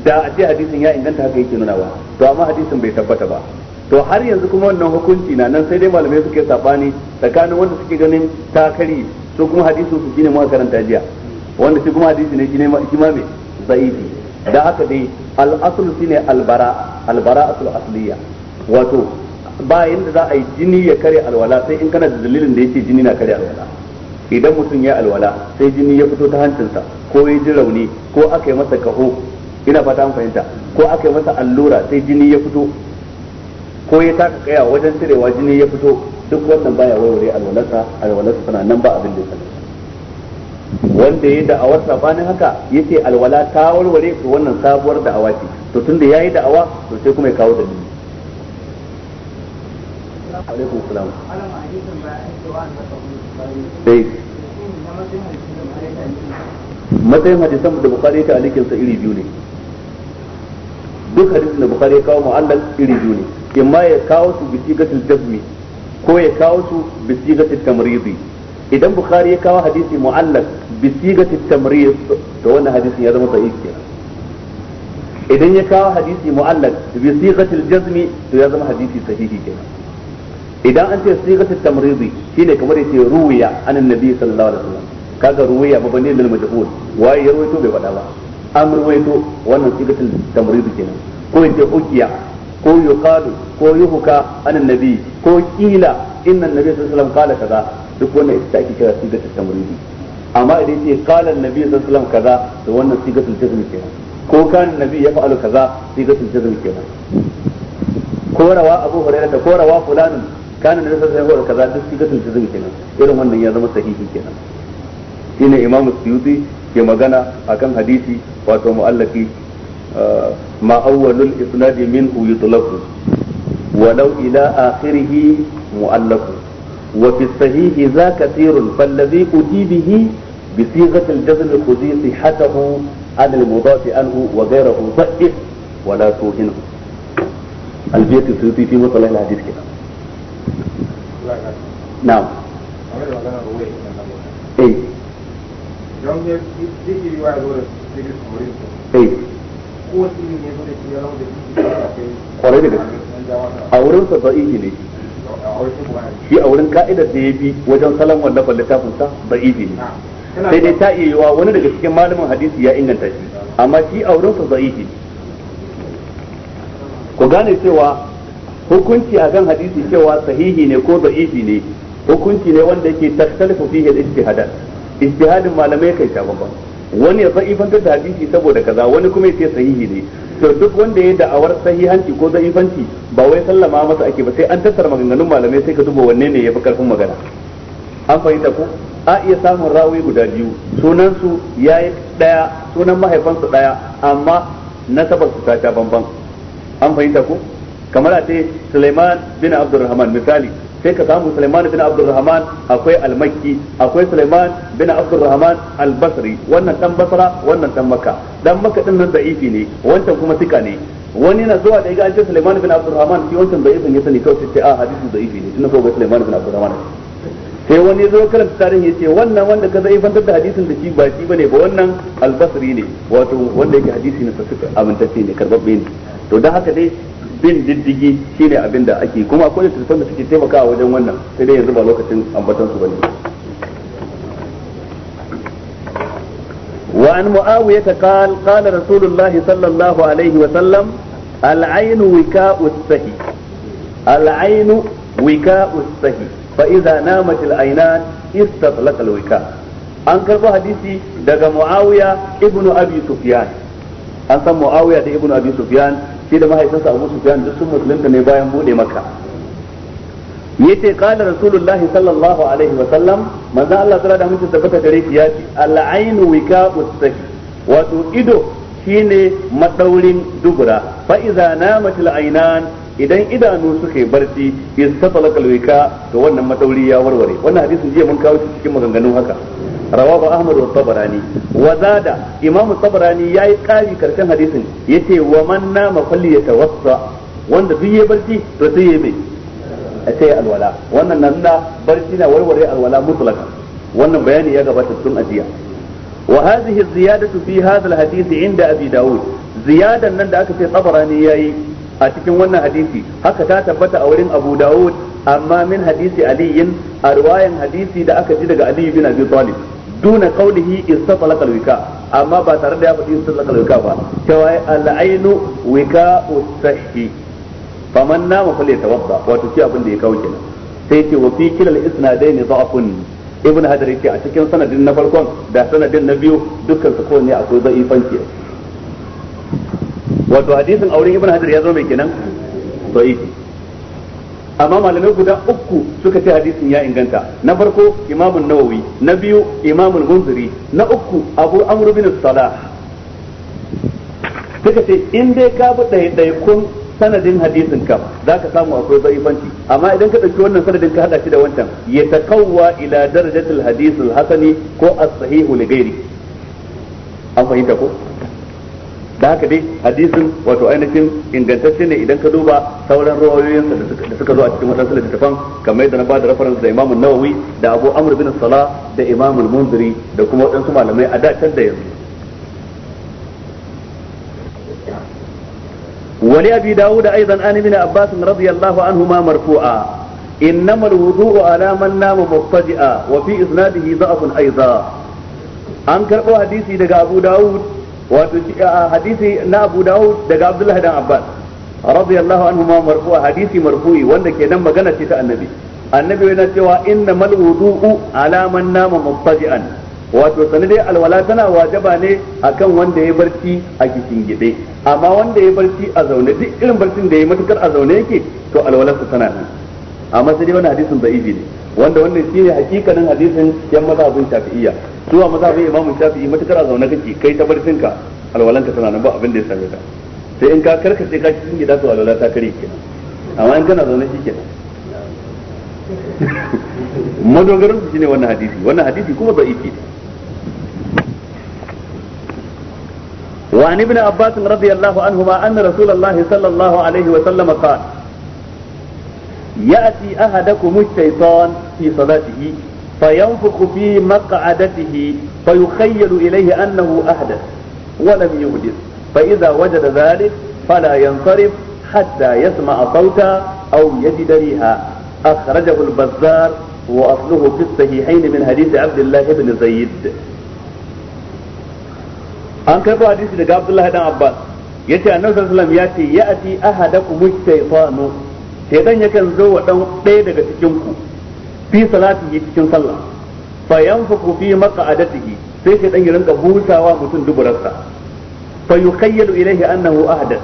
da a ce hadisin ya inganta haka yake nuna ba to amma hadisin bai tabbata ba to har yanzu kuma wannan hukunci na nan sai dai malamai suke sabani tsakanin wanda suke ganin ta kare su kuma hadisin su shine mu karanta jiya wanda shi kuma hadisi ne shine shi ma mai zaifi da haka dai al su shine al-bara al-bara'atul asliya wato ba yanda za a yi jini ya kare alwala sai in kana da dalilin da yake jini na kare alwala idan mutum ya alwala sai jini ya fito ta hancinsa ko ya ji rauni ko aka yi masa kaho ina fata an fahimta ko aka yi masa allura sai jini ya fito ko ya taka kaya wajen cirewa jini ya fito duk wannan baya waiware alwalarsa alwalarsa tana nan ba abin da ya wanda ya da'awar sabanin haka yace alwala ta warware to wannan sabuwar da'awa ce to tunda yayi da'awa to sai kuma ya kawo dalili alaikum salam eh. matsayin hadisan da bukari ta alikin sa iri biyu ne duk hadisin da bukari ya kawo mu'allal iri biyu ne imma ya kawo su bisi gatil jazmi ko ya kawo su bisi gatil tamrizi idan bukari ya kawo hadisi mu'allal bisi gatil tamriz to wannan hadisin ya zama sahih kenan idan ya kawo hadisi mu'allal bisi gatil jazmi to ya zama hadisi sahihi kenan idan an ce sigatu tamridi shine kamar yace ruwiya anan nabi sallallahu alaihi wasallam kaga ruwiya mabani lil majhul waye ya ruwaito bai faɗa ba an ruwaito wannan sigatu tamridi kenan ko yace ukiya ko yuqalu ko yuhka anan nabi ko qila inna nabi sallallahu alaihi wasallam qala kaza duk wannan ita ake kira sigatu tamridi amma idan yace qala nabi sallallahu alaihi wasallam kaza to wannan sigatu jazmi kenan ko kan nabi ya fa'alu kaza sigatu jazmi kenan ko rawa abu hurairah ko rawa fulanun kana da sai wa kaza duk shi gatun tuzumi kenan irin wannan ya zama sahihi kenan shine imam suyuti ke magana akan hadisi wato mu'allaki ah, ma awwalul isnadi minhu yutlaqu ولو إلى آخره مؤلف وفي الصحيح ذا كثير فالذي أتي به بصيغة الجزم خذي صحته عن المضاف عنه وغيره ضعف al توهنه البيت السيوطي في مطلع الحديث kenan. na'am eh don ya wa zo da eh ko ne zo da da a wurin sa da'ihi ne shi a wurin ka'idar da ya bi wajen salon wannan littafin sa da'ihi ne sai dai ta iya yiwa wani daga cikin malamin hadisi ya inganta shi amma shi a wurin sa da'ihi ne ku gane cewa hukunci a kan hadisi cewa sahihi ne ko da'ifi ne hukunci ne wanda yake tattalifu fi hadis ijtihadat ijtihadin malamai kai ta babban wani ya za'ifantar da hadisi saboda kaza wani kuma ya sahihi ne to duk wanda ya da'awar sahihanci ko za'ifanci ba wai sallama masa ake ba sai an tattar maganganun malamai sai ka duba wanne ne yafi karfin magana an fahimta ko a iya samun rawi guda biyu sunan su yayi daya sunan mahaifansu daya amma na tabbata ta bamban an fahimta ko kamar a ce Sulaiman bin Abdurrahman misali sai ka samu Sulaiman bin Abdurrahman akwai Al-Makki akwai Sulaiman bin Abdurrahman Al-Basri wannan dan Basra wannan dan Makka dan Makka din nan da'ifi ne wancan kuma sika ne wani na zuwa da ya ga an ce Sulaiman bin Abdurrahman shi wancan da'ifin ya sani kawai sai a hadisin da'ifi ne tunda kawai Sulaiman bin Abdurrahman sai wani zo karanta tarihi ya ce wannan wanda ka zaifantar da hadisin da shi ba shi bane ba wannan albasri ne wato wanda yake hadisi na sassuka amintacce ne karbabbe ne to dan haka dai bin diddigi shine abin da ake kuma akwai littattafan da suke taimakawa wajen wannan sai dai yanzu ba lokacin ambatan su bane وعن معاوية قال قال رسول الله صلى الله عليه وسلم العين وكاء السهي العين وكاء السهي فإذا نامت العينان استطلق الوكاء أنكر حديثي دقى معاوية ابن أبي سفيان an san muawiya da ibnu abi sufyan shi da mahaifinsa abu sufyan duk sun musulunta ne bayan bude maka yace qala rasulullahi sallallahu alaihi wa sallam manzo Allah ta'ala da ta tabbata gare shi yace al-ainu wika'us sahi wato ido shine madaurin dubura fa idza namatil ainan idan idanu suka yi barci istafala kalwika to wannan madauri ya warware wannan hadisin jiya mun kawo shi cikin maganganun haka rawahu ahmad wa tabarani wa zada imamu tabarani yayi kari karshen hadisin yace wa man nama falli yatawassa wanda duk yayi barci to sai yayi mai sai alwala wannan nan da barci na warware alwala mutlaka wannan bayani ya gabata tun ajiya wa hadhihi ziyadatu fi hadha alhadith inda abi daud ziyadan nan da aka ce tabarani yayi a cikin wannan hadisi haka ta tabbata a wurin abu daud amma min hadisi aliyin a riwayan hadisi da aka ji daga aliyu bin abi talib duna qawlihi istatlaqa alwika amma ba tare da ya faɗi istatlaqa alwika ba cewa al-ainu wika'u sahhi faman nama falyatawadda wato ki abin da ya kawo kenan sai ce wa fi kilal isnadaini da'fun ibn hajar yace a cikin sanadin na farkon da sanadin na biyu dukkan su kowanne a akwai za'ifanci wato hadisin aure ibn hajar ya zo mai kenan da'ifi amma malamai guda uku suka ce hadisin ya inganta na farko imamun nawawi na biyu imamun munziri na uku abu amru bin salah suka ce in dai ka bi kun sanadin hadisin ka za ka samu akwai zaifanci amma idan ka ɗauki wannan sanadin ka haɗa shi da wancan ya kawwa ila darajatul hadisul hasani ko a sahihu li ghairi an fahimta ko da haka dai hadisin wato ainihin ingantacce ne idan ka duba sauran rawayoyinsa da suka zo a cikin wadansu littattafan kamar yadda na bada reference da Imam Nawawi da Abu Amr bin Salah da Imam Munziri da kuma wadansu malamai a da can da yanzu ولأبي داود أيضا عن ابن عباس رضي الله عنهما مرفوعا إنما الوضوء على من نام مضطجئا وفي إسناده ضعف an أنكر حديثي daga abu داود wato hadisi na Abu Dawud daga Abdullah dan Abbas radiyallahu anhu ma hadisi marfu'i wanda kenan magana ce ta annabi annabi yana cewa inna mal wudu'u ala man nama mubtadi'an wato sanade alwala tana wajaba ne akan wanda ya barci a cikin gide amma wanda ya barci a zaune duk irin barcin da ya matukar a zaune yake to alwalarsa tana nan amma sai dai wannan hadisin da'ifi ne wanda wannan ne hakikanin hadisin yan mazhabin shafi'iyya zuwa mazhabin imam shafi'i matukar a zaune kake kai ta bar ka alwalanka tana nan ba abin da ya same ka sai in ka karkace ka cikin gida to alwala ta kare ke amma in kana zaune nan madogaran su shine wannan hadisi wannan hadisi kuma da'ifi ne وعن ابن عباس رضي الله عنهما أن رسول الله صلى الله عليه وسلم قال يأتي أحدكم الشيطان في صلاته فينفخ في مقعدته فيخيل إليه أنه أحدث ولم يحدث فإذا وجد ذلك فلا ينصرف حتى يسمع صوتا أو يجد ريها أخرجه البزار وأصله في الصحيحين من حديث عبد الله بن زيد أنك حديث hadisi الله بن عباس يأتي yace صلى الله عليه وسلم يأتي, يأتي أحدكم الشيطان shaytan yakan zo wa dan ɗaya daga cikin ku fi salati cikin sallah fa yanfuku fi maq'adatihi sai shaytan ya rinka busawa mutum duburarsa fa yukhayyalu ilayhi annahu ahdath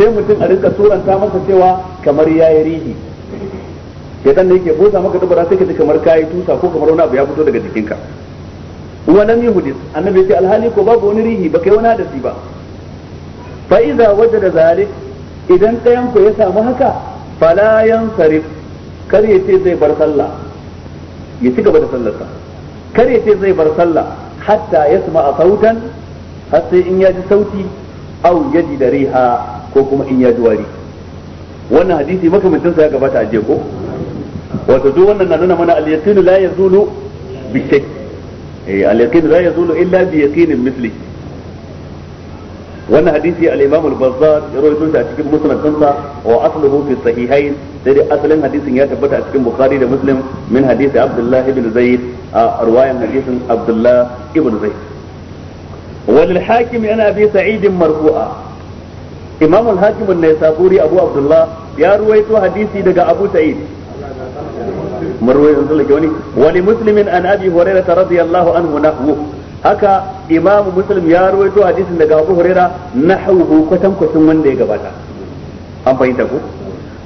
sai mutum a rinka suranta masa cewa kamar yayi rihi shaytan ne yake busa maka dubura sai ka ji kamar kayi tusa ko kamar wani abu ya fito daga jikinka wa lam yuhdith annabi ya ce alhali ko babu wani rihi ba kai wani hadasi ba fa idza wajada zalik idan ɗayan ku ya samu haka Falayan sarif kar ya ce zai bar sallah ya ci gaba da sallarsa kar ya ce zai bar sallah hatta yasma'a sautan har sai in ya ji sauti au ya ji da riha ko kuma in ya ji wari wannan hadisi makamancin sa ya gabata a ko wato duk wannan na nuna mana al-yaqinu la yazulu bi shakk eh al-yaqinu la yazulu illa bi yaqinin mislihi wannan hadisi al-Imam al-Bazzar ya rawaito shi a cikin musnad kansa wa asluhu fi sahihayn sai dai asalin hadisin ya tabbata a cikin Bukhari da Muslim min hadisi Abdullah ibn Zaid a riwayan hadisin Abdullah ibn Zaid wal hakim yana bi sa'id marfu'a Imam al-Hakim an-Naisaburi Abu Abdullah ya ruwaito hadisi daga Abu Sa'id marwayin zulki wani wali muslimin an abi hurairah radiyallahu anhu nahwu haka imamu muslim ya rawaito hadisin daga abu huraira nahwu kwatan kwatan wanda ya gabata an fahimta ko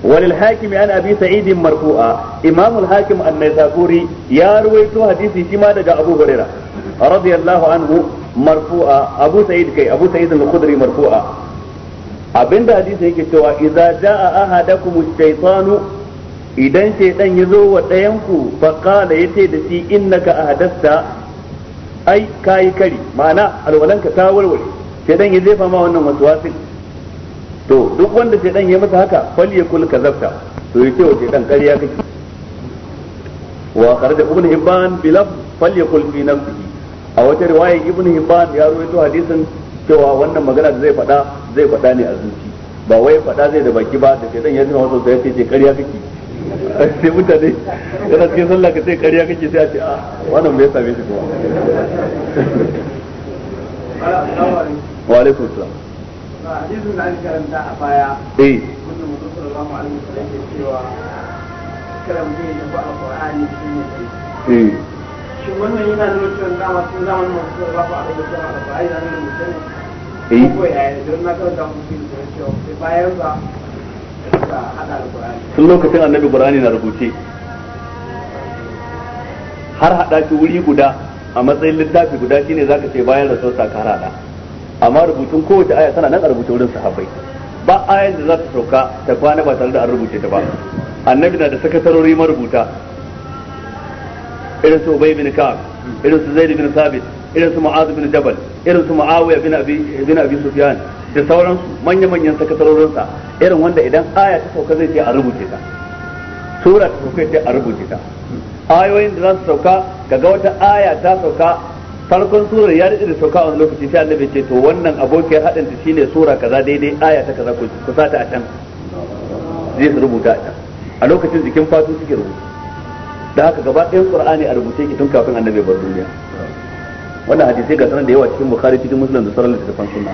walil hakim an abi sa'id marfu'a imamu hakim an-naisaburi ya rawaito hadisi shi ma daga abu huraira radiyallahu anhu marfu'a abu sa'id kai abu sa'id al-khudri marfu'a abinda hadisi yake cewa idza jaa ahadakum ash-shaytanu idan shaytan yazo wa dayanku fa qala yace da shi innaka ahdasta ai kayi kari ma'ana alwalanka ta warware shedan ya zefa ma wannan waswasin to duk wanda shedan ya masa haka fal yakul kazabta to yace wa shedan ƙarya kake wa kharaja ibn hibban bilaf fal yakul fi nafsihi a wata riwaya ibn hibban ya rawaito hadisin cewa wannan magana da zai faɗa zai fada ne a zuci ba wai faɗa zai da baki ba da shedan ya jefa wato sai yace ƙarya kake ce eh, mutane yana cikin sallah ka ce ƙarya kake sai a ce a ah, wannan bai same shi kuma wa alaikum salam hadisin da an karanta a baya eh mutum sallallahu alaihi wasallam ke cewa alqur'ani eh wannan yana nuna cewa zamanin mutum sallallahu alaihi wasallam mutum eh ko don na mutum cewa bayan ba tun lokacin annabi burani na rubuce har hada shi wuri guda a matsayin littafi guda shine zaka ce bayan ta kara da amma rubutun kowace aya tana nan a rubuce wurin sahabbai ba ayan da za ta sauka ta kwana ba tare da an rubuce ta ba annabi na da sakatarori marubuta irin su ubay bin ka'ab irin su zaid bin sabit irin su Mu'adh bin Jabal irin su Muawiya bin Abi bin Abi Sufyan da sauransu manya-manyan sakatarorinsa irin wanda idan aya ta sauka zai ce a rubuce ta sura ta sauka ce a rubuce ta ayoyin da za su sauka kaga wata aya ta sauka farkon surar ya rike da sauka a wani lokaci sai annabi ce to wannan abokiyar haɗin ta shine sura kaza daidai aya ta kaza ku sa ta a can zai su rubuta a can a lokacin jikin fatu suke rubuta da haka gaba ɗayan qur'ani a rubuce ki tun kafin annabi bar duniya wannan hadisai ga sanan da yawa cikin bukhari cikin muslim da sauran littafan sunna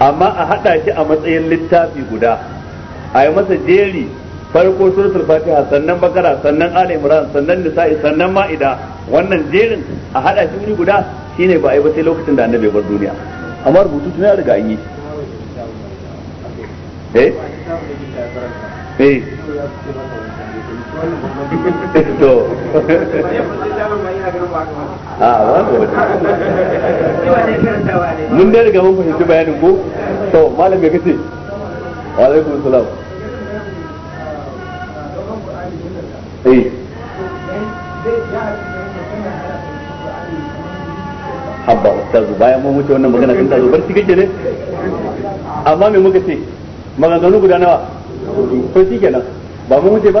amma a hada shi a matsayin littafi guda a yi masa jeri farko suratul fatiha sannan bakara sannan ali imran sannan nisa'i sannan ma'ida wannan jerin a hada shi wuri guda shine ba a yi ba sai lokacin da annabi bar duniya amma rubutu tun ya riga an eh eh to a ah, ah, wani mun dai riga mun fahimci bayanin ko to malam ya kace wa alaikum salam eh habba ustazu bayan mun wuce wannan magana kan tazo barci kake ne amma me muka ce maganganu guda nawa to kenan. ba mun wuce ba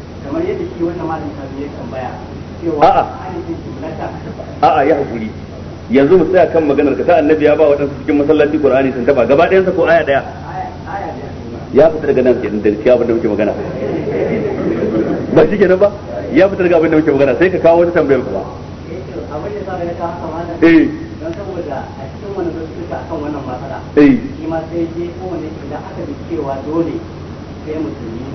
kamar yadda shi wannan malamin ya tambaya a'a a'a ya hakuri yanzu mu tsaya kan maganar ka ta annabi ya ba waɗansu cikin masallaci qur'ani sun taba gaba ɗayan sa ko aya ɗaya ya fita daga nan kenan da cikin abin da muke magana ba shi kenan ba ya fita daga abin da muke magana sai ka kawo wata tambayar kuma eh, abin da sa ka kawo eh don saboda a cikin wannan lokaci akan wannan matsala eh shi ma sai je kowane da aka bi cewa dole sai musulmi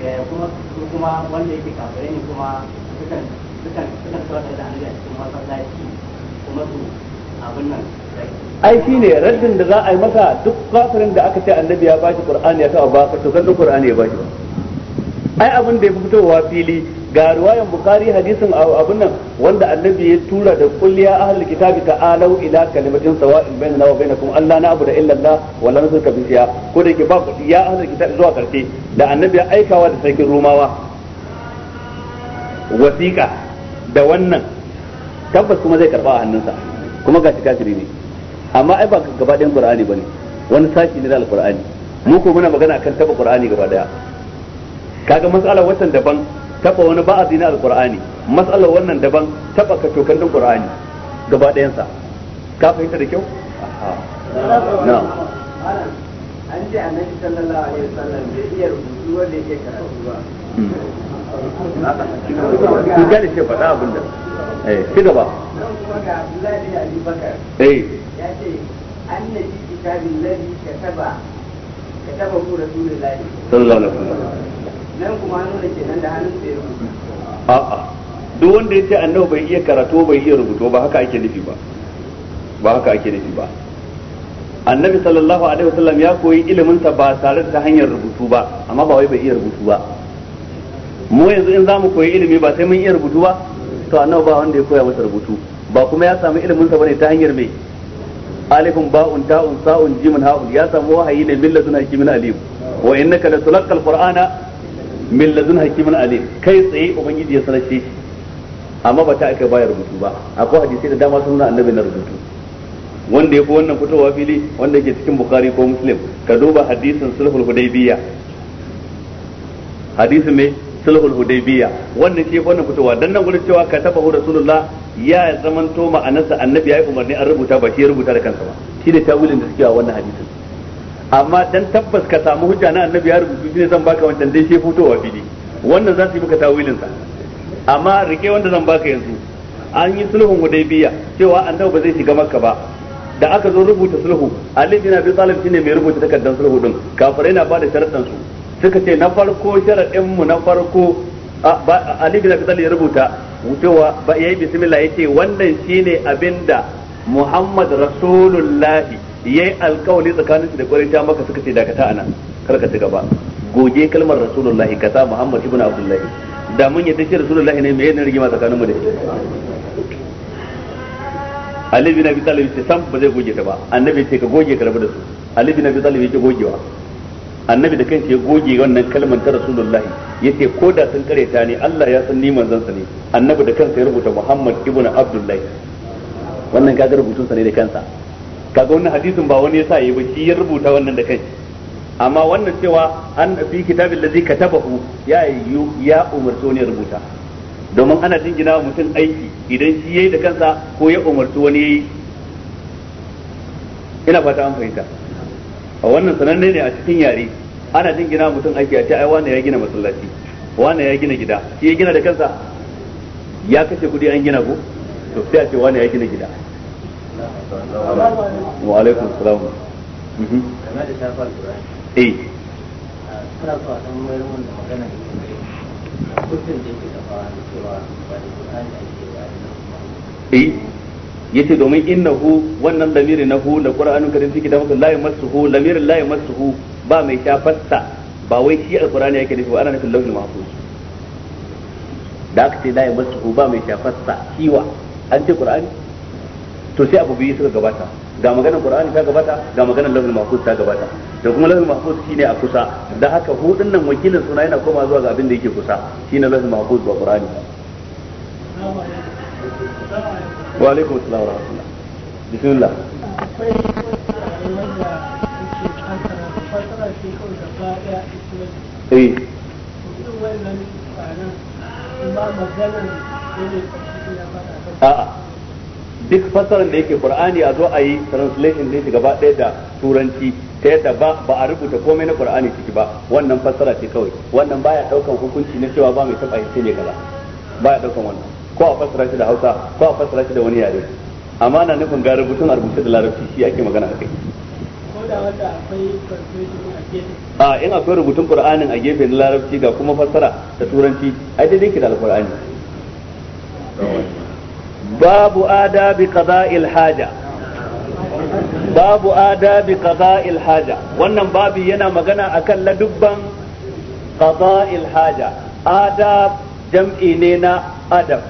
Eh, kuma su kuma wanda yake kafare ne kuma sukan sukan sukan tsawatar da annabi a cikin masallaci kuma su abin nan ai shi ne raddin da za a yi masa duk kafirin da aka ce annabi ya bashi qur'ani ya taɓa ba ka to kan qur'ani ya bashi ba ai abin da ya fi fitowa fili ga ruwayan bukari hadisin abun nan wanda annabi ya tura da kulliya ahlul kitabi ta'alau ila kalimatin sawa'in bainana wa bainakum allah na abu da illa Allah wala la nushrika bihi ko da yake ba ku ya ahlul kitabi zuwa karshe da annabi ya aikawa da sarkin rumawa wasiƙa da wannan tabbas kuma zai karba a hannunsa kuma ga shi kafiri ne amma ai ba gaba ɗayan qur'ani bane wani sashi ne na alqur'ani mu ko muna magana akan taba qur'ani gaba daya kaga matsalar wannan daban taba wani ba'azi na alqur'ani matsalar wannan daban taba ka tokan din qur'ani gaba ɗayan sa ka fahimta da kyau na'am an ce annabi sallallahu alaihi wasallam bai iya rubutu wanda yake karatu ba ku hmm. gane ce faɗa abin da eh ci gaba nan kuma ga Abdullahi bin Ali Bakar eh ya ce annabi kitabin ladhi kataba kataba mu rasulullahi sallallahu alaihi wasallam nan kuma nuna kenan da hannun sai rubuta a'a duk wanda ya ce annabi bai iya karatu bai iya rubuto ba haka ake nufi ba ba haka ake nufi ba annabi sallallahu alaihi wasallam ya koyi iliminsa ba tare da hanyar rubutu ba amma ba wai bai iya rubutu ba mu yanzu in zamu koyi ilimi ba sai mun iya rubutu ba to annabi ba wanda ya koya masa rubutu ba kuma ya samu ilimin sa bane ta hanyar mai alifun ba'un ta'un sa'un jimin ha'un ya samu wahayi ne min ladun hakimin alim wa innaka latulqal qur'ana min ladun hakimin alim kai tsaye ubangiji ya sanar shi amma ba ta aka baya rubutu ba akwai hadisi da dama sun annabi na rubutu wanda ya fi wannan fitowa fili wanda yake cikin bukhari ko muslim ka duba hadisin sulhul hudaybiya hadisin mai sulhul hudaybiya wannan shi wannan fitowa dan nan gurin cewa katabahu rasulullah ya zamanto ma'anarsa annabi ya yi umarni an rubuta ba shi ya rubuta da kansa ba shi da tawilin da suke a wannan hadisin amma dan tabbas ka samu hujja na annabi ya rubutu shine zan baka wancan dai shi fitowa fili wannan za su yi maka tawilin sa amma rike wanda zan baka yanzu an yi sulhun hudaybiya cewa annabi ba zai shiga makka ba da aka zo rubuta sulhu ali bin abi talib shine mai rubuta takardar sulhu din kafirai na bada sharadan su suka ce na farko sharadin mu na farko ali bin abi talib ya rubuta cewa ba yayi bismillah yace wannan shine abinda muhammad rasulullahi yayi alkawali tsakanin su da ta maka suka ce dakata ana kar ka ci gaba goge kalmar rasulullahi ka sa muhammad ibn abdullahi da mun yadda shi rasulullahi ne me yana rigima tsakanin mu da shi Ali bin Abi Talib ce sam ba zai goge ta ba annabi ce ka goge ka rabu da su Ali bin Abi Talib yake gogewa annabi da kansa ya goge wannan kalmar ta rasulullahi yace ko da sun ta ne Allah ya san niman zan sa ne annabi da kansa ya rubuta Muhammad ibn Abdullahi wannan kaga rubutun sa ne da kansa kaga wannan hadisin ba wani yasa yayi ba shi ya rubuta wannan da kai amma wannan cewa an fi kitabin ka katabahu ya ya umarci wani rubuta domin ana jingina mutum aiki idan shi yayi da kansa ko ya umarci wani yayi ina fata an fahimta a wannan sananne ne a cikin yare ana jingina mutum aiki a ce ai wani ya gina masallaci wani ya gina gida shi ya gina da kansa ya kashe kudi an gina ko to sai a ce wani ya gina gida wa alaikum salam game mhm. da shafa alkurani eh kana so a san mayar mun da magana da kusin da yake da fara cewa ba da alkurani ake ba eh yace domin innahu wannan lamirin na hu da qur'anun karim cikin da la yamassuhu lamirin la yamassuhu ba mai shafarsa ba wai shi alqur'ani yake nufi ba ana nufin lauhul mahfuz da aka ce la yamassuhu ba mai shafarsa shiwa an ce qur'ani to sai abu biyu suka gabata ga maganar qur'ani ta gabata ga maganar lafzul mahfuz ta gabata da kuma lafzul mahfuz shine a kusa da haka hudun nan wakilin suna yana koma zuwa ga abin da yake kusa shine lafzul mahfuz ba qur'ani wa alaikum assalam wa rahmatullah bismillah eh a'a duk fasarar da yake qur'ani a zo a yi translation din shi gaba ɗaya da turanci ta yadda ba ba a rubuta komai na qur'ani ciki ba wannan fasara ce kawai wannan baya daukan hukunci na cewa ba mai taba sai ne kaza baya daukan wannan ko a fasara shi da Hausa ko a fasara shi da wani yare amma na nufin ga rubutun a rubuce da larabci shi ake magana akai a in akwai rubutun qur'anin a gefe na larabci ga kuma fassara da turanci ai dai dai ke da alqur'ani babu adabi qada'il haja babu adabi qada'il haja wannan babu yana magana akan ladubban qada'il haja adab jam'i ne na adab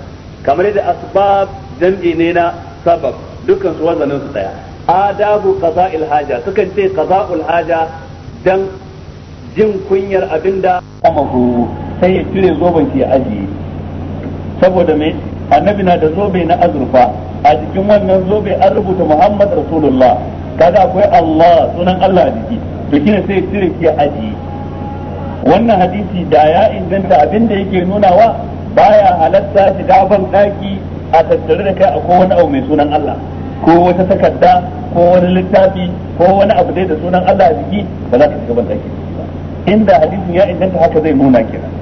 kamar da asbab jam'i na sabab dukan su wazanin su daya adabu qada'il sukan ce qada'ul haja dan jin kunyar abinda amahu sai ya cire zoban ki ajiye saboda me annabi na da zobe na azurfa a jikin wannan zobe an rubuta Muhammad Rasulullah kaga akwai Allah sunan Allah a jiki to ne sai cire ki aji wannan hadisi da ya inganta abin da yake nunawa baya halatta shiga ban daki a tattare da kai a kowane abu mai sunan Allah ko wata takarda ko wani littafi ko wani abu dai da sunan Allah a jiki ba za ka shiga ban daki inda hadisin ya inganta haka zai nuna kenan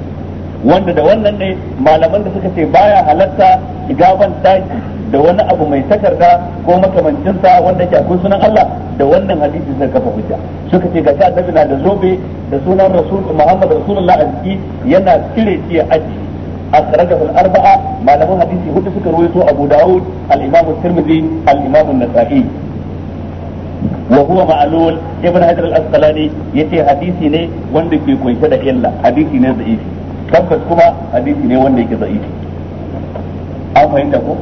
wanda da wannan ne malaman da suka ce baya halatta shiga ban daki da wani abu mai takarda ko makamancinsa wanda ke akwai sunan Allah da wannan hadisi suka kafa hujja suka ce ga ta annabi na da zobe da sunan rasul Muhammad rasulullah jiki yana kire shi a aji akhrajahu al-arba'a malaman hadisi hudu suka ruwaito Abu Dawud al-Imam Tirmidhi al-Imam An-Nasa'i وهو معلول ابن حجر الاسقلاني ne wanda ke kunshe da illa hadisi ne da'ifi tabbas kuma hadisi ne wanda yake za'i an fahimta ko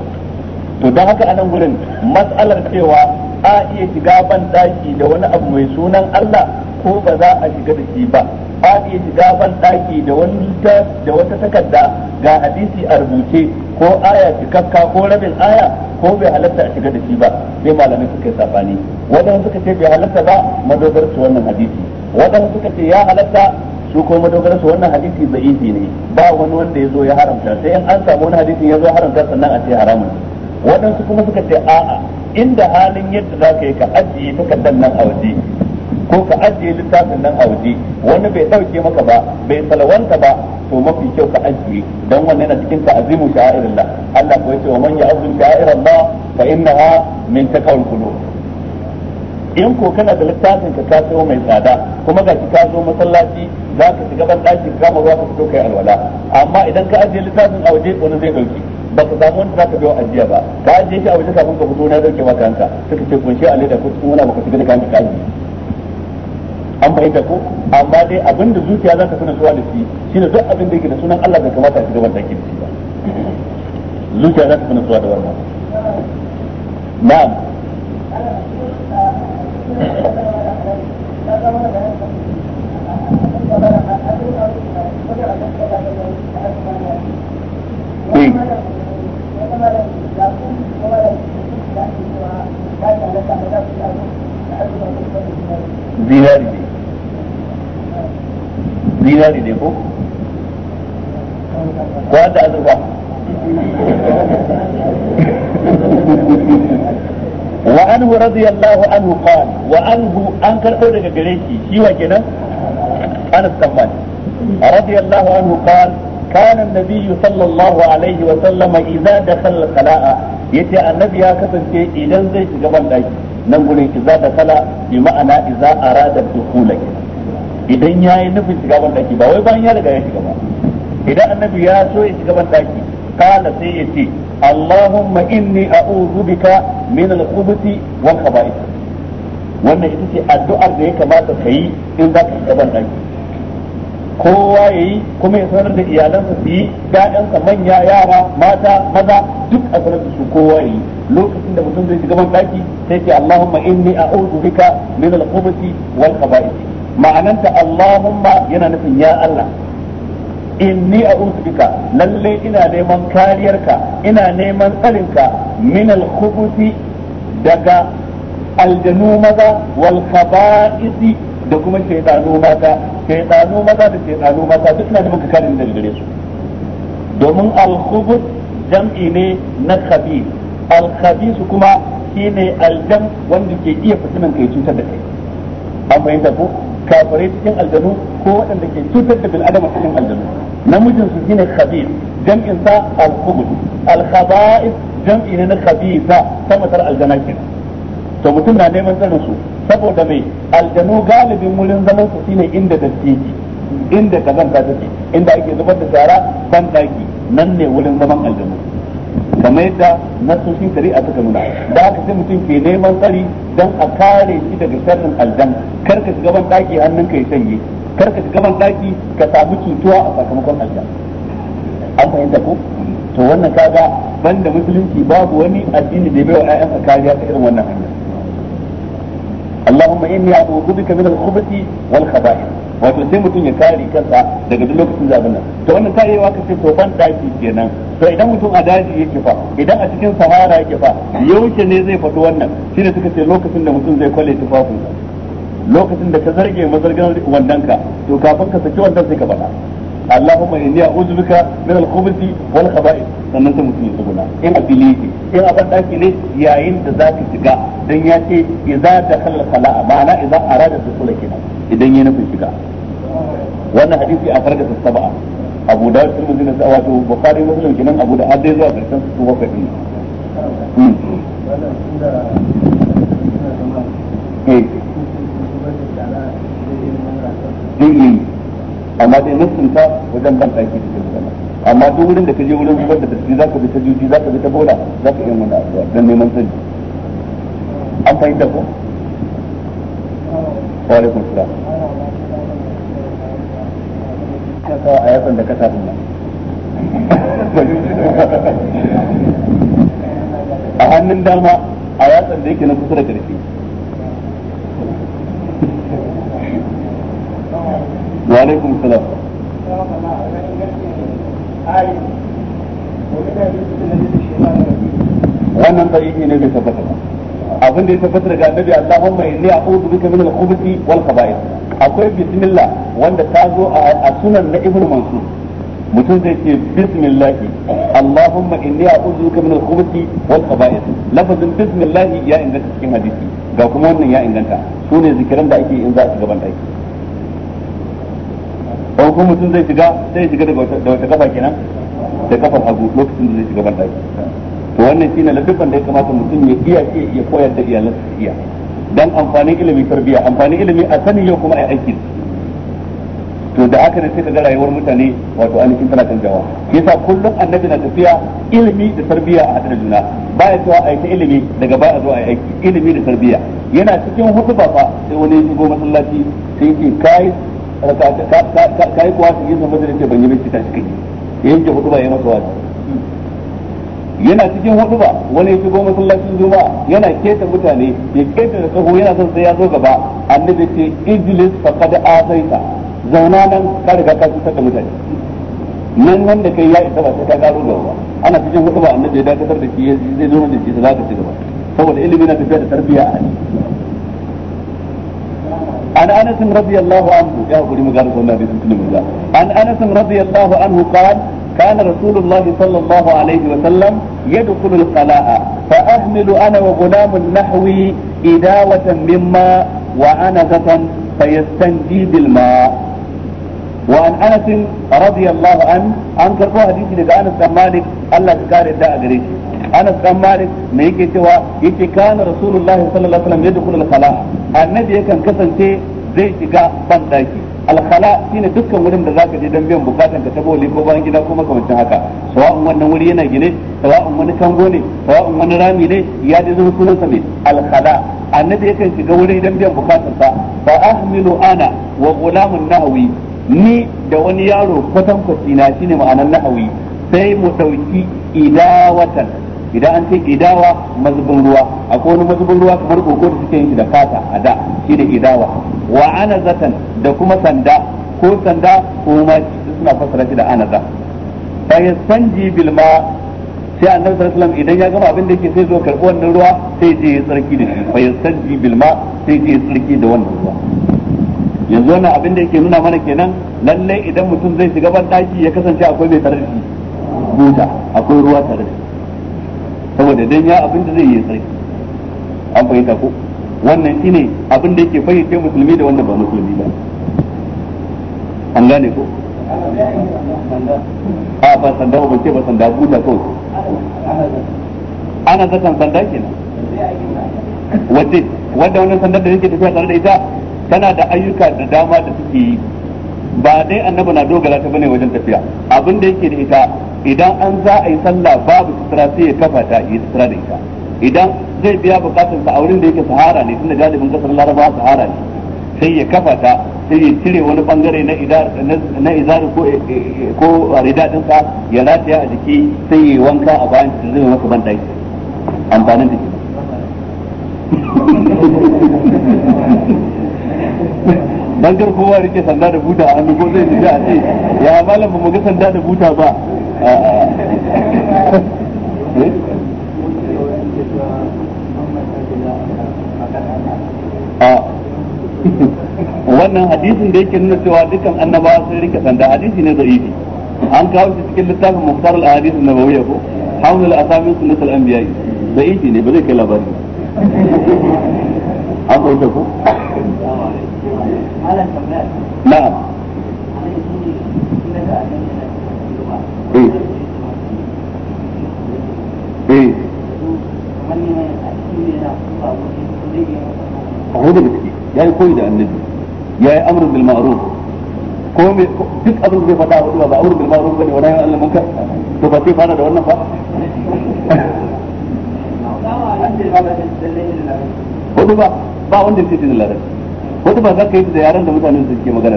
to don haka anan gurin matsalar cewa a iya shiga ban daki da wani abu mai sunan Allah ko ba za a shiga da shi ba a iya shiga ban daki da wani da wata takarda ga hadisi a rubuce ko aya cikakka ko rabin aya ko bai halatta a shiga da shi ba sai malamai suka yi safani wadanda suka ce bai halatta ba madogar su wannan hadisi wadanda suka ce ya halatta su ko madogar su wannan hadisi da'ifi ne ba wani wanda ya zo ya haramta sai in an samu wani hadisi ya zo haramta sannan a ce haramun waɗansu kuma suka ce a'a inda halin yadda za ka yi ka ajiye takardar nan a waje ko ka ajiye littafin nan a waje wani bai ɗauke maka ba bai salawanta ba to mafi kyau ka ajiye don wannan yana cikin ta'azimu sha'irillah Allah ko ce wa man ya'zim fa'in fa innaha min taqawul qulub in ko kana da littafin ka ka sayo mai tsada kuma ga ka zo masallaci za ka shiga ban ɗaki ka kama ruwa ka fito kai alwala amma idan ka ajiye littafin a waje wani zai ɗauki ba ka samu wanda zaka biyo ajiya ba ka ajiye shi a waje kafin ka fito na dauke maka hanka suka ce kunshi a leda ko cikin wani baka shiga da kanka ka ajiye an fahimta ko amma dai abin da zuciya za ta fi nasuwa da shi shine duk abin da yake da sunan Allah da kamata a shiga ban ɗaki da shi ba zuciya za ta fi nasuwa da wannan na'am zinari ne zinari ko da azurfa wa anhu radiyallahu anhu qala wa anhu an karbo daga gare shi shi wa kenan Anas bin كان النبي صلى الله عليه وسلم إذا دخل الخلاء يتي النبي كتن في إذا زي شغبان نقول إذا دخل بمعنى إذا أراد الدخول idan ya yi nufin shiga ban daki ba wai bayan ya riga ya shiga ba idan annabi ya so ya shiga ban daki kala sai ya ce Allahumma inni a'udhu bika min al-khubuthi wal khaba'ith wannan ita ce addu'ar da ya kamata ka yi in za ka shiga ban daki kowa ya yi kuma ya sanar da iyalansa su yi manya yara mata maza duk a sanar da su kowa ya yi lokacin da mutum zai shiga gaban daki sai ce Allahumma inni a'udhu bika min al-khubuthi wal khaba'ith ma'ananta Allahumma yana nufin ya Allah inni a bika lalle ina neman kariyarka ina neman tsarinka min al daga aljanu maza wal khaba'isi da kuma shaydanu maza shaydanu maza da shaydanu maza duk na ina neman karin da gare su domin al jam'i ne na khabith al kuma shine aljam wanda ke iya fitinan kai cutar da kai an fahimta ko kafirai cikin aljanu ko waɗanda ke cutar da bil adama cikin aljanu namijin su shine khabir jam'in sa al-khubuth al-khaba'ith jam'i ne na khabitha ta matar aljana kenan to mutum na neman tsarin su saboda mai aljanu galibin wurin zaman su shine inda da dattiki inda ka kazanta take inda ake zubar da shara ban daki nan ne wurin zaman aljanu kamar yadda nasoshin shari'a suka nuna da aka sai mutum ke neman tsari don a kare shi daga sharrin aljan kar ka shiga ban daki hannun kai ya sanye kar ka gaban daki ka samu cutuwa a sakamakon alja an fahimta ko to wannan kaga banda musulunci babu wani addini da bai wa ka kariya ta irin wannan hanya اللهم bi اعوذ بك من الخبث والخبائث wato sai mutum ya kare kansa daga duk lokacin zaben nan to wannan karewa ce to ban daki kenan to idan mutum a daji yake fa idan a cikin sahara yake fa yaushe ne zai faɗi wannan shine suka ce lokacin da mutum zai kwale tufafinsa lokacin da ka zarge mazargan ka to kafin ka saki wandan sai ka faɗa Allahumma inni a'udhu bika min al-khubuthi wal khaba'ith sannan ta mutum ya tsuguna in a fili in a ban daki ne yayin da zaka shiga dan ya ce idza dakhala khala'a ma'ana idza arada dukula kina idan ya ku shiga wannan hadisi a farka sab'a Abu Dawud Tirmidhi da wato Bukhari Muslim kenan Abu Dawud dai zuwa karshen su bakwai hmm. din eh amma dai nassin ta wajen ban daki da kuma amma duk wurin da ka je wurin zubar da tafi zaka bi ta juji zaka bi ta bola zaka yi wani addu'a dan neman sani an fahimta ko wa alaikum salam ka a yasan da ka tafi a hannun dama a yasan da yake na kusa da karfi wa alaikum salam wannan tarihi ne bai tabbata ba abin da ya tabbata daga annabi Allahumma inni a'udhu bika min al-khubuthi wal khaba'ith akwai bismillah wanda ta zo a sunan na ibnu mansur mutum zai ce bismillah Allahumma inni a'udhu bika min al-khubuthi wal khaba'ith lafazin bismillah ya inganta cikin hadisi ga kuma wannan ya inganta sune zikiran da ake in za a gaban da daki ko mutum zai shiga sai ya shiga da wata kafa kenan da kafar hagu lokacin da zai shiga bandaki to wannan shine ladabban da ya kamata mutum ya iya ke ya koyar da iyalan su iya dan amfanin ilimi tarbiyya amfanin ilimi a sani yau kuma a aiki to da aka ne sai ka ga rayuwar mutane wato ainihin tana canjawa yasa kullum annabi na tafiya ilimi da tarbiyya a hadar juna baya cewa a yi ta ilimi daga baya zuwa a aiki ilimi da tarbiyya yana cikin hutuba fa sai wani ya shigo masallaci sai ce kai ka yi kuwa su yi zama da ce ban yi kai ya hudu ba ya masa wani yana cikin hudu ba wani ya shigo masallacin zuwa yana keta mutane ya keta da tsoho yana son sai ya zo gaba annabi ce ijlis fa kad asaita zauna nan ka riga ka cutar saka mutane nan wanda kai ya isa ba sai ka gano da ba ana cikin hudu ba annabi ya dakatar da shi zai zo da shi za ka ci gaba saboda ilimi na tafiya da tarbiyya a hannu عن انس رضي الله عنه يا ابو لما قال قلنا في سنه عن انس رضي الله عنه قال كان رسول الله صلى الله عليه وسلم يدخل القلاء فاحمل انا وغلام نحوي اداوة من ماء وعنزة فيستنجي بالماء وعن انس رضي الله عنه عن كربو حديث لك انس مالك الله كاري دا اجريش Anas dan Malik me yake cewa yake kana Rasulullahi sallallahu alaihi wasallam yadda al-khala annabi yakan kasance zai shiga ban daki alkhala shine dukkan wurin da zaka je dan biyan bukatan ka tabo ko bayan gida ko makamancin haka sawa'un wannan wuri yana gine sawa'un wani kango ne sawa'un wani rami ne ya dai zama sunan sa ne alkhala annabi yakan shiga wurin dan biyan bukatan sa fa ahmilu ana wa gulamun nahwi ni da wani yaro kwatankwaci na shine ma'anar nahawi sai mu dauki idawatan idan an ce idawa mazubin ruwa akwai wani mazubin ruwa kamar koko da suke yin da fata a da shi da idawa wa anazatan da kuma sanda ko sanda ko ma suna fassara shi da anaza fa yasanji bil ma sai annabi sallallahu alaihi idan ya gama abin da yake sai zo karbi wannan ruwa sai je ya tsarki da shi fa yasanji bil ma sai je ya tsarki da wannan ruwa yanzu wannan abin da yake nuna mana kenan lallai idan mutum zai shiga ban daki ya kasance akwai mai tare da shi akwai ruwa tare da shi saboda dan ya abin da zai yi sai an fahimta ko wannan shine abin da yake fayyace musulmi da wanda ba musulmi ba an gane ko a ba sanda ba ce ba sanda buta ko ana zakan sanda kenan wace wanda wannan sandar da yake tafiya tare da ita tana da ayyuka da dama da suke yi ba dai annabi na dogara ta bane wajen tafiya abin da yake da ita idan an za a yi sallah babu sutura sai ya kafa ta yi sutura da ita idan zai biya bukatun sa a wurin da yake sahara ne tunda galibin kasar laraba sahara ne sai ya kafa ta sai ya cire wani bangare na idar na izari ko eh, eh, ko rida din sa ya rataya a jiki sai ya wanka a bayan da zai masa ban amfanin da dan kar kowa rike sanda da buta a hannu ko zai shiga a ce ya malam ba mu ga sanda da buta ba eh? wannan hadisin da yake nuna cewa dukkan annabawa sun rike sanda hadisi ne da'ifi an kawo shi cikin littafin muftar al-hadith an-nabawi ko hawlul asamin sunnat al-anbiya da'ifi ne ba zai kai labari an fahimta ku na'am eh هو ده gaske ya yi koyi da annabi ya yi amurin bil ma'ruf ko duk abin da zai faɗa wa ba amurin bil ma'ruf bane wani yawan Allah munkar to ba sai fara da wannan ba hudu ba ba wanda ya ce da larabci wata ba za ka yi da yaren da mutanen su ke magana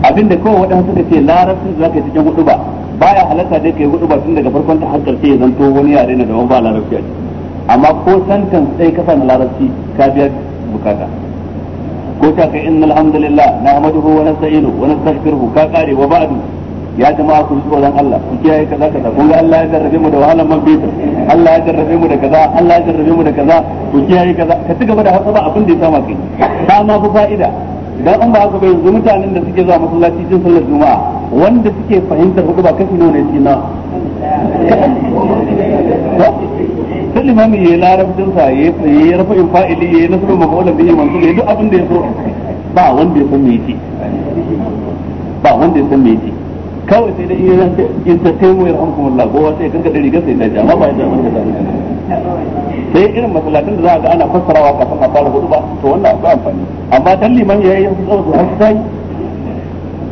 da abinda kawai waɗansu suka ce larabcin da za ka yi cikin hudu ba baya halatta dai yi hudu ba tun daga farkon ta har karshe ya zanto wani yare na daban ba larabci a amma ko santan sai kasa na larabci ka biya bukata ko ta kai inna alhamdulillah na amaduhu wa nasta'inuhu wa nastaghfiruhu ka kare wa ba'du ya jama'a ku tsoron Allah ku kiyaye kaza kaza kun ga Allah ya jarrabe mu da wahalan man bita. Allah ya jarrabe mu da kaza Allah ya jarrabe mu da kaza ku kiyaye kaza ka ci gaba da hatsa ba abin da ya sama kai ba ma fi fa'ida dan an ba ku bai yanzu mutanen da suke zuwa masallaci cikin sallar juma'a wanda suke fahimtar hudu ba kashi nawa ne cikin na sai limami ya larabcin sa ya ya rafa in fa'ili ya nasrul mafaulan bihi mansub ya duk abin da ya so ba wanda ya san me yake ba wanda ya san me yake kawai sai da iya zan in ta taimu ya hanku mulla kowa sai kanka da rigar sai ta amma ba ya zama da zama sai irin masallatin da za a ga ana fassarawa kafin a fara hudu ba to wannan akwai amfani amma dan liman ya yi tsawon su har sai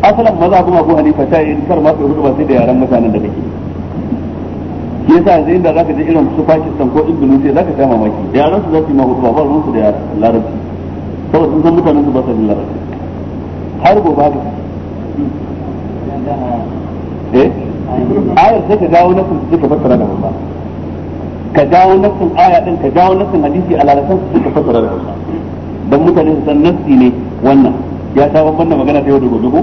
asalin maza kuma ko Hanifa ta yi kar ma hudu ba sai da yaran mutanen da take shi yasa yanzu inda zaka je irin su Pakistan ko ibnu sai zaka ta mamaki yaran su za su yi ma hudu ba ba ruwan su da yaran larabci saboda sun san mutanen su ba su da larabci har gobe haka eh ayar sai ka dawo na sun suka fassara da Hausa ka dawo nassin aya din ka dawo nassin hadisi a lalasan su suka fassara da Hausa dan mutane su san nassi ne wannan ya ta babban magana ta yau da gobe ko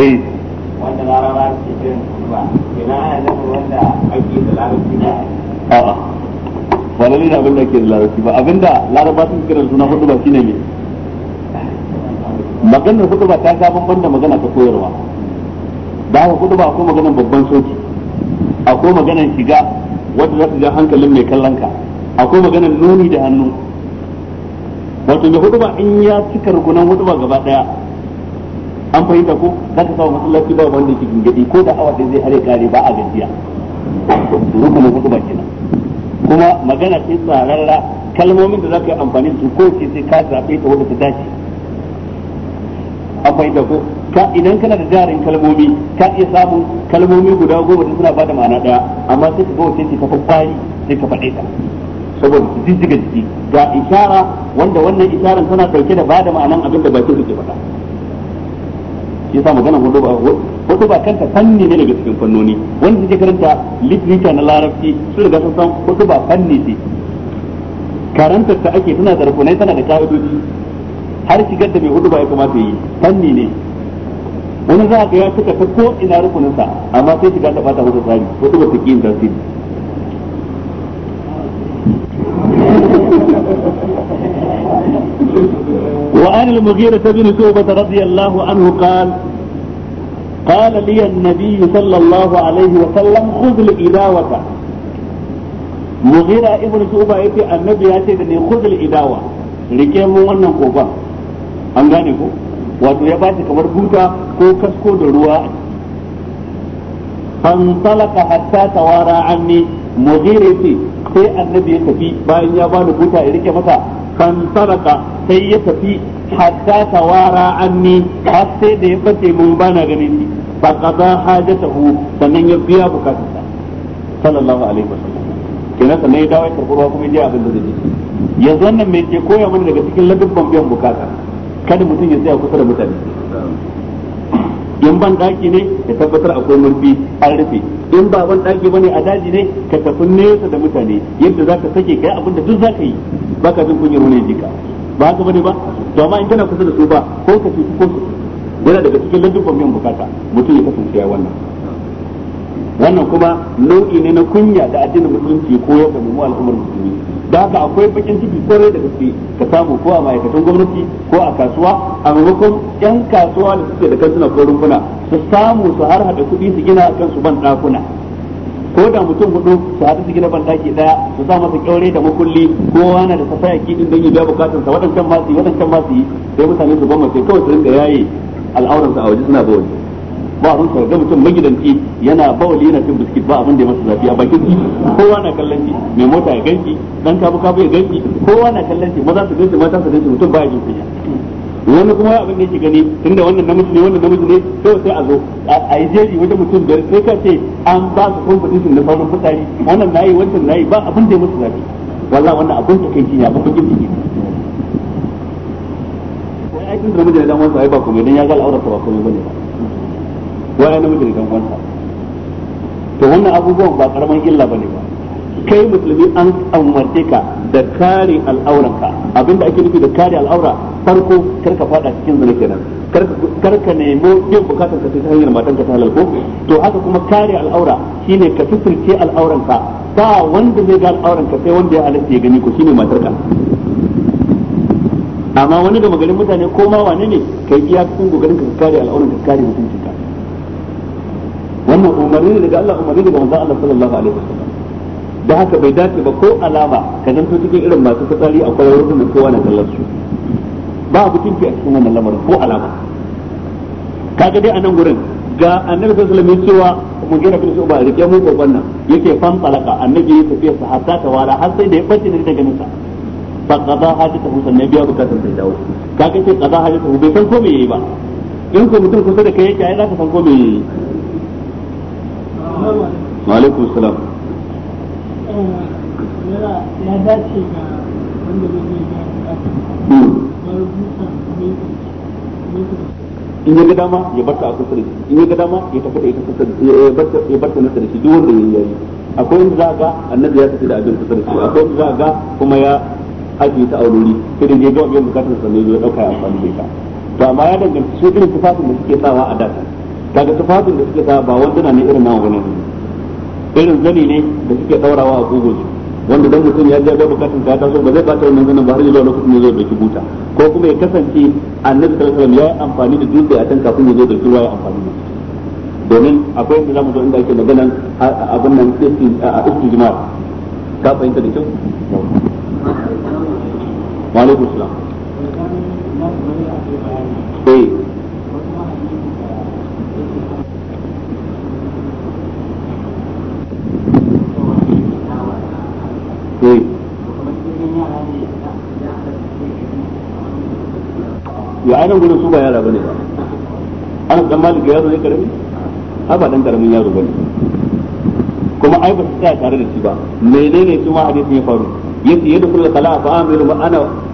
eh, eh. laraba ke kiran kutuba wanda ake da larabci ba a'a ba abinda ke da larabci ba abinda laraba sun kira suna hudu ba shine me maganar hudu ba ta sha bamban da magana ta koyarwa da haka hudu ba akwai maganar babban soki akwai maganar shiga wadda za su ja hankalin mai kallon ka akwai maganar nuni da hannu wato mai hudu ba in ya cika rukunan hudu ba gaba daya an fahimta ko za ka samu masallaci ba wanda yake gingadi ko da awa zai hare kare ba a gajiya rukunin hudu ba kenan kuma magana ce tsararra kalmomin da za ka yi amfani su ko ce sai ka zaɓe ta wanda ta dace an fahimta ko ka idan kana da jarin kalmomi ka iya samun kalmomi guda goma da suna bada ma'ana daya amma sai ka ga wace ce ka fa bayi sai ka faɗe ta saboda su jijjiga jiki ga ishara wanda wannan isharar tana ɗauke da bada ma'anan abin da ba ke faɗa shi yasa magana hudu ba hudu ba kanta fanni ne daga cikin fannoni wanda suke karanta literature na larabci su daga sun san hudu ba fanni ce karantar ta ake tana da rukunai tana da ka'idodi har shigar da mai hudu ba ya kamata yi fanni ne wani za ga ya suka ta ko ina rukuninsa amma sai shiga ta bata masa tsari hudu ba ta ƙi yin tasiri وعن المغيرة بن شعبة رضي الله عنه قال قال لي النبي صلى الله عليه وسلم خذ الإداوة مغيرة ابن يتي النبي يتي خذ الإداوة rike mun wannan koban an gane ko wato ya ba kamar buta ko kasko da ruwa an talaka hatta tawara anni mughira ce sai annabi ya tafi bayan ya bani buta ya rike masa kan talaka sai ya tafi hatta har sai da ya face mun bana ganin faqada hajatahu sannan ya biya bukatarsa sallallahu alaihi wasallam kenan sannan ya dawo ya karɓi ruwa kuma ya je abin da zai yanzu wannan mai ke koya mana daga cikin ladabban biyan bukata kada mutum ya tsaya kusa da mutane in ban daki ne ka tabbatar akwai murfi an rufe in ba ban daki bane a daji ne ka tafi nesa da mutane yadda ka sake kai abin da duk ka yi baka jin kunyar wani jika ba haka bane ba to amma in kana kusa da su ba ko ka ci ko su yana daga cikin ladubban biyan bukata mutum ya kasance ya wannan wannan kuma nau'i ne na kunya da addinin musulunci ya ga mu al'ummar musulmi da haka akwai bakin ciki kwarai da gaske ka samu ko a ma'aikatan gwamnati ko a kasuwa a maimakon yan kasuwa da suke da kansuna ko rumfuna su samu su har haɗa kuɗi su gina kansu ban ɗakuna ko da mutum hudu su haɗu su gina ban ɗaki ɗaya su sa masa kyaure da makulli ko na da safaya kiɗin don yi biya bukatunsa waɗancan ma su yi waɗancan ma yi sai mutane su gwamnati kawai su rinka yaye al'auransa a waje suna bawali ba abin ka ga mutum magidanci yana bawali yana cin biskit ba abin da ya masa zafi a bakin shi kowa na kallon shi mai mota ya ganki dan kabu kabu ya ganki kowa na kallon shi maza su ganki mata su ganki mutum ba ya jin kunya wani kuma abin da yake gani tunda wannan namiji ne wannan namiji ne kawai sai a zo a yi jeji wajen mutum da sai ka ce an ba su competition na sauran fitsari wannan nayi wancan nayi ba abin da ya masa zafi wallahi wannan abin da kai shi ya ba bakin ciki aikin abubuwan ba illa bane kai musulmi an amwace ka da kare al'auranka abinda ake nufi da kare al'aura farko karka fada cikin zina kenan karka nemo yin bukatar ka ta hanyar matanka ta halal ko to haka kuma kare al'aura shine ka fitirce al'auranka ba wanda zai ga al'auranka sai wanda ya halatta ya gani ko shine matarka amma wani da garin mutane ko ma wane ne kai iya cikin gogarin ka kare al'auran ka kare mutuncin ka wannan umarni ne daga Allah umarni daga manzon Allah sallallahu alaihi wasallam da haka bai dace ba ko alama ka to cikin irin masu fitsari a wurin da kowa na kallon su ba a mutunci a cikin wannan lamarin ko alama kaga dai a nan gurin ga annabi sallallahu alaihi wasallam cewa mun gina bin uba rike mu ko wannan yake fan talaka annabi ya tafi sa hatta wara har sai da ya bace daga ganin sa fa sannan biya bukatar sai dawo kaga ba in ko da kai yake ai zaka san ko me yayi salam hmm. ya dama ya a kusa da shi dama ya tafi da ita kusa ya nasa da shi duk wanda ya yi akwai za ga annabi ya tafi da abin kusa da ga kuma ya ajiye ta aurori sai da ga biyan bukatar sa ne zai dauka ya amfani da ita to amma ya danganta su irin tufafin da suke sawa a da daga tufafin da suke sawa ba wanduna ne irin nawa bane irin zani ne da suke daurawa a gogo wanda dan mutum ya je ga bukatun ka ta so ba zai ba ta wannan zanin ba har zuwa lokacin da zai dauki buta ko kuma ya kasance annabi sallallahu alaihi wasallam ya amfani da dutse a can kafin ya zo da ruwa ya amfani da domin akwai yadda zamu zo inda ake maganan abin nan a istijmar ka fahimta da kyau wa alaikum eh. Eh. ya ainihin gudun su ba yara ba ne ba ana dan malika yaro ne karami a ba dan karamin yaro bane kuma ai ba su tsaya tare da shi ba menene su ma hadisin ya faru yadda yadda kula kala fa amiru ana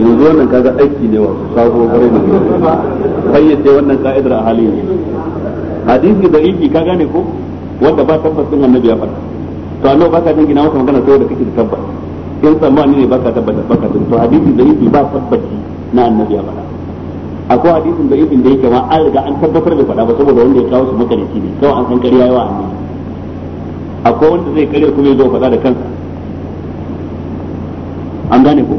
yanzu wannan kaga aiki ne wa sabo gare ne fayyace wannan ka'idar a halin hadisi da iki ka gane ko wanda ba tabbas din annabi ya faɗa to annabi baka jin gina maka magana saboda kake da tabbas in tsammani ne baka tabbata baka tabbata to hadisi da iki ba tabbaci na annabi ya faɗa akwai hadisin da iki da yake ma an riga an tabbatar da faɗa ba saboda wanda ya kawo shi makareci ne kawai an san kariya yawa annabi akwai wanda zai kare kuma ya zo faɗa da kansa an gane ko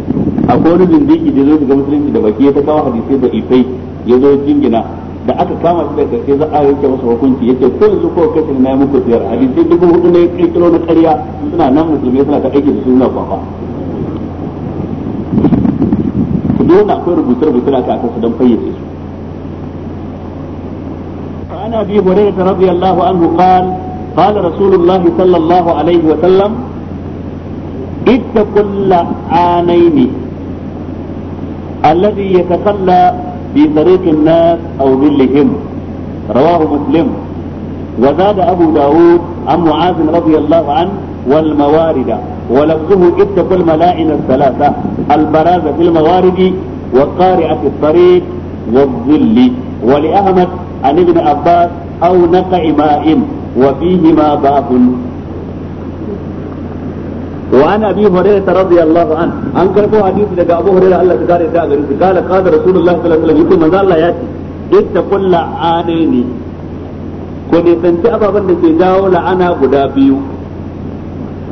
akwai wani zindiki da zo daga musulunci da baki ya ta kawo hadisai da ifai ya zo jingina da aka kama shi da karshe za a yanke masa hukunci yace ko yanzu ko kace na muku biyar hadisai dubu hudu ne kirkiro na ƙarya suna nan musulmi suna ta aiki da suna kwafa ku dole akwai rubuce rubuce na ka kasu don fayyace su عن ابي هريره رضي الله عنه قال قال رسول الله صلى الله عليه وسلم اتقوا كل عانين الذي يتخلى في طريق الناس أو ظلهم رواه مسلم وزاد أبو داود عن معاذ رضي الله عنه والموارد ولفظه اتقوا الملاعن الثلاثة البراز في الموارد وقارعة الطريق والظل ولأحمد عن ابن عباس أو نقع ماء وفيهما باب وعن ابي هريره رضي الله عنه ان كربو حديث دغ ابو هريره الله تبارك وتعالى قال قال رسول الله صلى الله عليه وسلم يقول من الله ياتي اتقوا اللعانين ko ne santi ababan da ke jawo la'ana guda biyu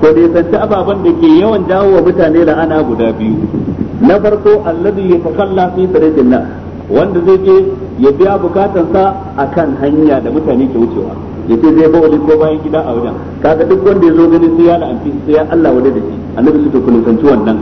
ko ne da ke yawan jawo wa mutane la'ana guda biyu na farko alladhi yataqalla fi tariqin nas wanda zai je ya biya a kan hanya da mutane ke wucewa ya ce zai bawali ko bayan gida a wajen kaga duk wanda ya zo gani sai ya la'anci sai ya Allah wadai da shi annabi su tafi ci wannan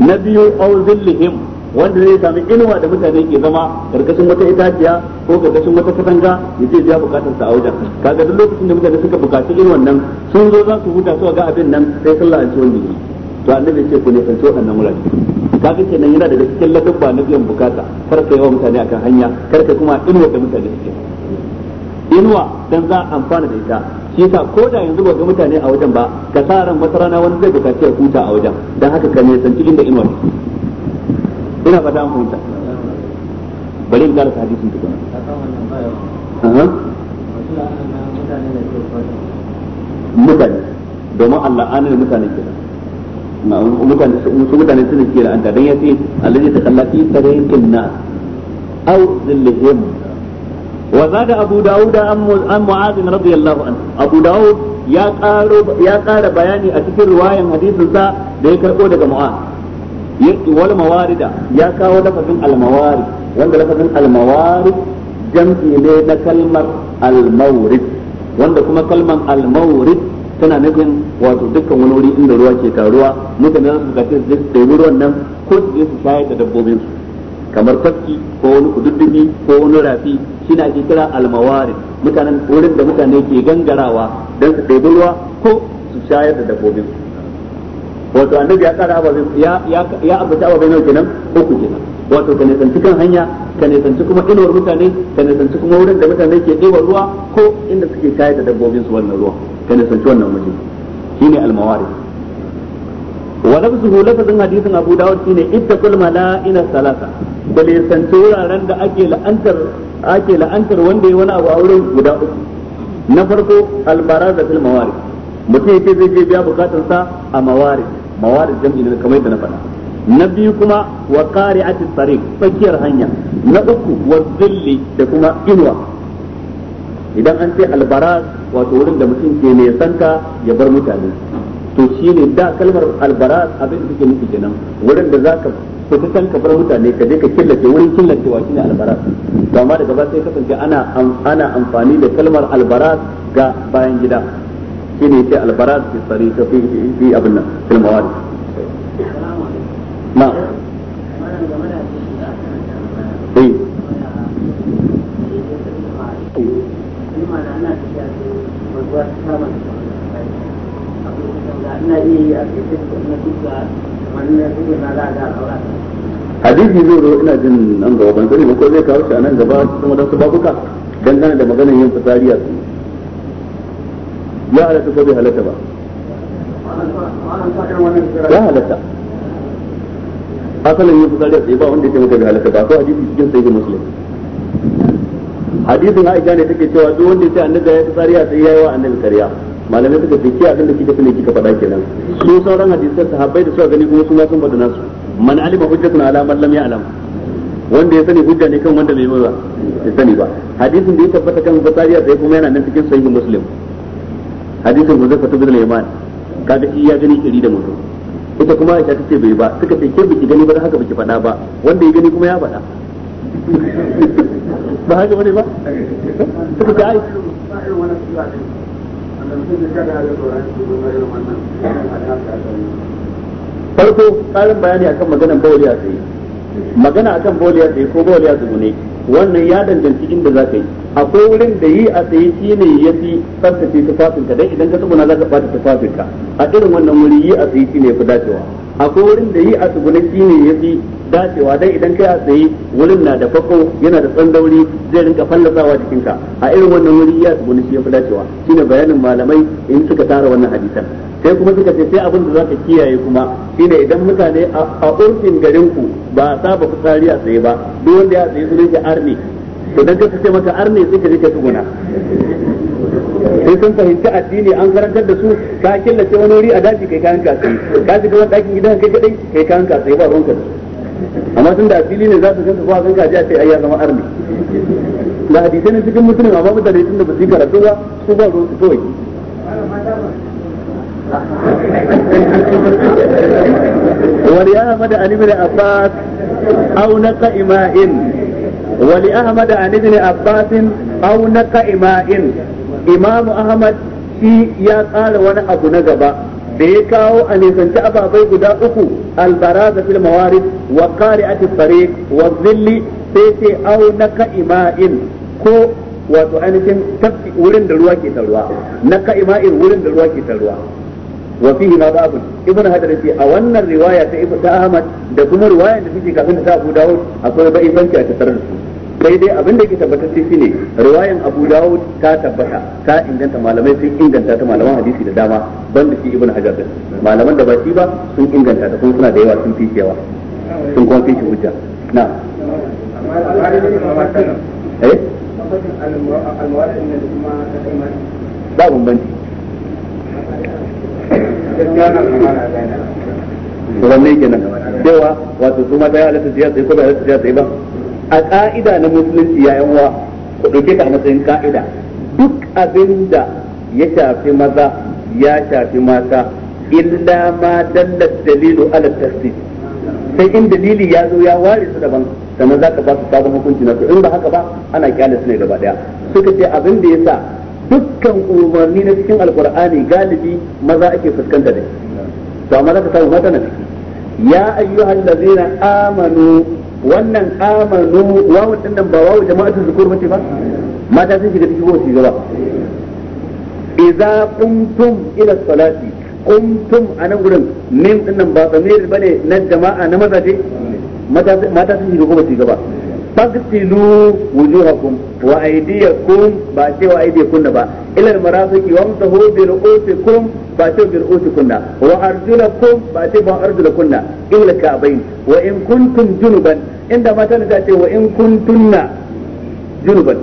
na biyu aw zillihim wanda zai sami inuwa da mutane ke zama karkashin wata itaciya ko karkashin wata katanga ya ce biya bukatar sa a wajen kaga duk lokacin da mutane suka bukaci irin wannan sun zo za su huta su ga abin nan sai sun la'anci wanda shi to annabi ce ku ci wannan wurare kaga kenan yana da cikin ladabba na biyan bukata kar ka yi mutane akan hanya kar ka kuma inuwa da mutane suke inuwa dan za a amfana da ita shi yasa ko da yanzu ba ga mutane a wajen ba ka sa ran wata rana wani zai bukaci ya huta a wajen dan haka ka nisan cikin da inuwa ina fata an huta bari in karanta hadisin tukuna mutane domin Allah anan mutane ke mutane su mutane suna ke la'anta dan ya ce Allah ya ta kallafi saraykin na au zillihim waza da داود عن معاذ رضي ya عنه أبو داود يا قارب يا قارب بياني أتكر رواية حديث سا mawarida ya kawo lafazin almawari wanda lafazin almawari jam'i ne na kalmar almawrid wanda kuma kalmar almawrid tana nufin wato dukkan wani wuri inda ruwa ke taruwa mutane su kace su da ruwan nan ko su su shayar da su. kamar tafki ko wani kududdufi ko wani rafi shi na ake kira almawari mutanen wurin da mutane ke gangarawa don su ɗebi ruwa ko su shayar da dabbobin wato annabi ya tsara ba ya ya abuta ba bai kenan ko ku kenan wato ka nisanci kan hanya ka nisanci kuma inuwar mutane ka nisanci kuma wurin da mutane ke ɗeba ruwa ko inda suke shayar da dabbobin su wannan ruwa ka nisanci wannan mutum shine almawari wa lafzuhu lafazin hadisin Abu Dawud shine ittaqul mala'ina salasa da lisanci wuraren da ake la'antar ake la'antar wanda ya wani abu a wurin guda uku na farko albaraza fil mawari mutum yake zai je biya bukatun sa a mawari mawari jam'i ne kamar yadda na faɗa na biyu kuma wa qari'ati tariq tsakiyar hanya na uku wa zilli da kuma inwa idan an fi albaraz wato wurin da mutum ke ne sanka ya bar mutane to shine da kalmar albara abin suke nufi kenan wurin da zaka fita can kafar mutane ka je ka killace wurin killacewa shine albara to amma daga baya sai kasance ana ana amfani da kalmar albara ga bayan gida shine sai albara ke tsari ta fi fi abin nan filmawa na Thank you. hadisi zai zo ina jin nan gaba ban sani ko zai kawo shi a nan gaba kuma dan su babuka dangane da maganar yin fitariya su ya halatta ko bai halatta ba ya halatta asalin yin fitariya a ba wanda ya ce bai halatta ba ko hadisi cikin sai ga musulun hadisin aisha ne take cewa duk wanda ya ce annabi ya yi fitariya sai ya yi wa annabi kariya malamai suka ce abin da kika sani kika faɗa kenan su sauran hadisai sahabbai da suka gani kuma su ma sun faɗa nasu man alima hujjatun ala man lam ya'lam wanda ya sani hujja ne kan wanda bai ba ya sani ba hadisin da ya tabbata kan bukhari sai kuma yana nan cikin sahihin muslim hadisin huzaifa bin al-yaman kaga shi ya gani kiri da mutum ita kuma Aisha tace bai ba suka ce ke biki gani ba haka biki faɗa ba wanda ya gani kuma ya faɗa ba haka bane ba suka farko karin bayani akan maganar bawliya tsaye magana akan bawliya tsaye ko bauliya bawliya ne wannan ya danganci inda za ka yi akwai wurin da yi a tsaye shi ne ya fi tsaftace tufafinka dai idan ka tsuguna za ka ɓata tufafinka a irin wannan wuri yi a tsaye shi ne ya fi dacewa akwai wurin da yi a tsuguna shi ne ya fi dacewa dai idan kai a tsaye wurin na da fako yana da tsandauri zai rinka fallasawa jikinka a irin wannan wuri ya su gudu shi fi dacewa shine bayanin malamai in suka tara wannan hadisan sai kuma suka ce sai abin da za ka kiyaye kuma shine idan mutane a urfin garin ku ba a saba fitsari a tsaye ba duk wanda ya tsaye sun shi arne to dan ka ce maka arne sai ka je tsuguna sai sun fahimci addini an karantar da su ka killace wani wuri a daji kai kayan kasai ka shiga wani ɗakin gidan kai kadai kai kayan kasai ba ruwan kasai amma tun da fili ne za su san tafiya sun kaji a ce ayya zama arni da hadisai ne cikin musulun amma mutane tun da ba su yi karatu ba su ba ruwan su kawai ولأحمد عن ابن عباس أو نق إماء ولأحمد عن ابن عباس أو نق إماء إمام أحمد shi ya ƙara wani abu na gaba da ya kawo a nisanci ababai guda uku albara fil mawarid wa qari'ati tariq wa dhilli sai ce au naka ima'in ko wato ainihin wurin da ruwa ke tarwa naka ima'in wurin da ruwa ke taruwa wa fihi ma ba'd ibn hadar a wannan riwaya ta ibn ahmad da kuma riwaya da take kafin ta abu dawud akwai banki a tattare su sai dai abin da ke tabbatar sai shine riwayan Abu Dawud ta tabbata ta inganta malamai sun inganta ta malaman hadisi da dama da shi Ibn Hajar din malaman da ba shi ba sun inganta ta sun suna da yawa sun fi yawa sun kuma fi hujja na ba eh? ba bambanci wannan kenan cewa wato su mata ya halatta siyasa ko ba halatta siyasa ba a ka'ida na musulunci ya yawa ku ɗauke ta a matsayin ka'ida duk abin da ya shafi maza ya shafi mata illa ma dallar dalilu ala tasdid sai in dalili ya zo ya ware su daban sannan za ka ba su sabon hukunci na su in ba haka ba ana kyale su ne gaba daya suka ce abin da ya sa dukkan umarni na cikin alkur'ani galibi maza ake fuskanta da to amma za ka samu mata na ciki ya ayyuhal amanu wannan amanu wawu din nan ba wawu jama'atu zukur bace ba mata sun shiga cikin wasu gaba idza qumtum ila salati kuntum anan gurin min din nan ba zamir bane na jama'a na mazaje mata sun shiga cikin wasu gaba faqtilu wujuhakum wa aydiyakum ba ce wa aydiyakum ba ila almarafiqi wamsahu bi ru'usikum ba ce bi ru'usikum wa arjulakum ba ce ba arjulakum ila ka'bayn wa in kuntum junuban inda mata ta ce wa in kuntunna junuban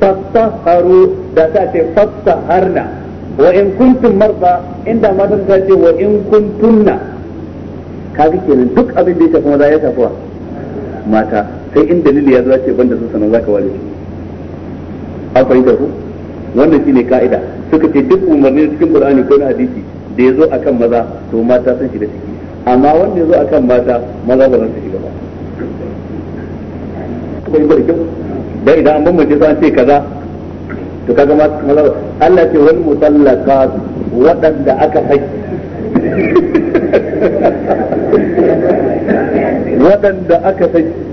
fatahharu da ta ce fatahharna wa in kuntum marda inda mata ta ce wa in kuntunna kaga kenan duk abin da ya shafi maza ya shafi mata sai in dalili ya zace ban banda su sanan zaka ware an fahimta ku wannan shine ka'ida suka ce duk umarni cikin qur'ani ko na hadisi da ya zo akan maza to mata sun shiga ciki amma wanda ya zo akan mata maza ba zan shiga ba bai bari kyau da idan an bambance sai an ce kaza to kaga maza Allah ce wal mutallaqat wadanda aka saki waɗanda aka saki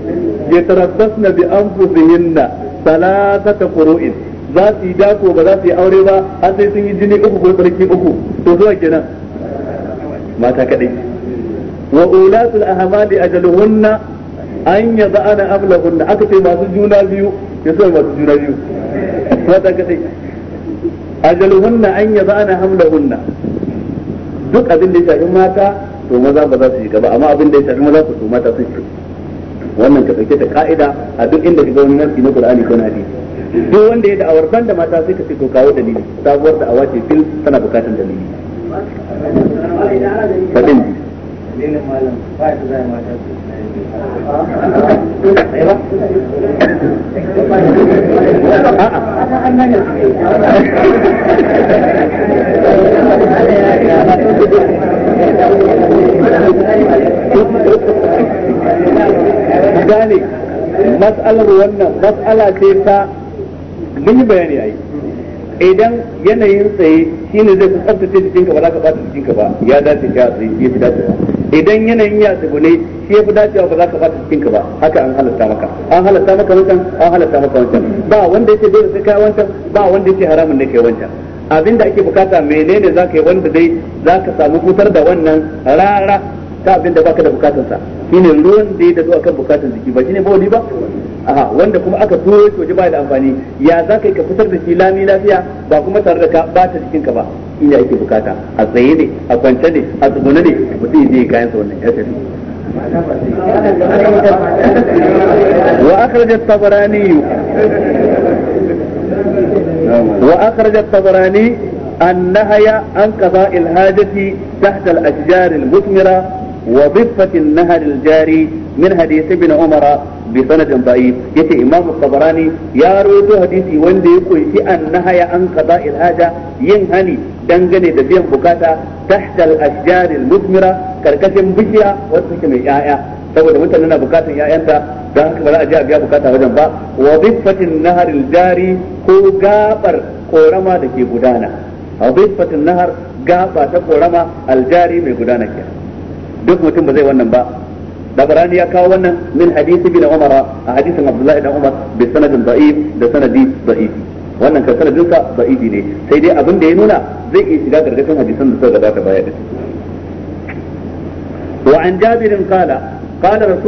yatarabbasna bi anfusihinna salasata qur'in za su yi dako ba za su yi aure ba har sai sun yi jini uku ko tsarki uku to zuwa kenan mata kadai wa ulatul ahmadi ajaluhunna an yada'ana ablahunna aka ce masu juna biyu ya so masu juna biyu mata kadai ajaluhunna an yada'ana hamlahunna duk abin da ya shafi mata to maza ba za su yi gaba amma abin da ya shafi maza to mata sun yi wannan ka dauke ta ka'ida a duk inda kaga wani nasi na Qur'ani ko na hadisi duk wanda ya da'awar ban da mata sai ka ce to kawo dalili sabuwar da'awa ce fil tana bukatar dalili fadin Thank you. gane matsalar wannan matsala ce ta mun yi bayani ai idan yanayin tsaye shi ne zai tsaftace jikinka ba za ka bata jikinka ba ya dace ya tsaye shi fi dacewa idan yanayin ya ne shi ya fi dace ba za ka bata jikinka ba haka an halatta maka an halatta maka wancan an halatta maka wancan ba wanda yake dole sai kai wancan ba wanda yake haramun ne kai wancan abinda ake bukata menene za ka yi wanda dai za ka samu kutar da wannan rara ta abin da baka da bukatun sa shine ruwan da ya dado akan bukatun jiki ba shine bawali ba aha wanda kuma aka turo shi waje ba da amfani ya za ka yi ka fitar da shi lami lafiya ba kuma tare da ka bata ka ba ina ake bukata a tsaye ne a kwance ne a tsugune ne mutum zai je kayan sa wannan ya tafi وأخرج الطبراني an الطبراني النهي عن قضاء الحاجة تحت الأشجار المثمرة وضفة النهر الجاري من حديث ابن عمر بسند ضعيف يتي إمام الطبراني يا رويتو حديثي وندي يقول في النهي عن قضاء الحاجة ينهني dangane da biyan bukata tahtal ashjaril mudmira karkashin bishiya wacce take mai yaya saboda mutane na bukatan yayanta da haka ba za biya bukata wajen ba wa bifatin naharil jari ko gabar korama da ke gudana a nahar gaba ta korama aljari mai duk mutum ba zai wannan ba dabarani ya kawo wannan min hadisi bin umara a hadisin abdullahi dan umar bi sanadin da'if da sanadi da'ifi wannan kan sanadin sa da'ifi ne sai dai abin da ya nuna zai iya shiga gargashin hadisan da suka gabata baya din wa an jabirin qala qala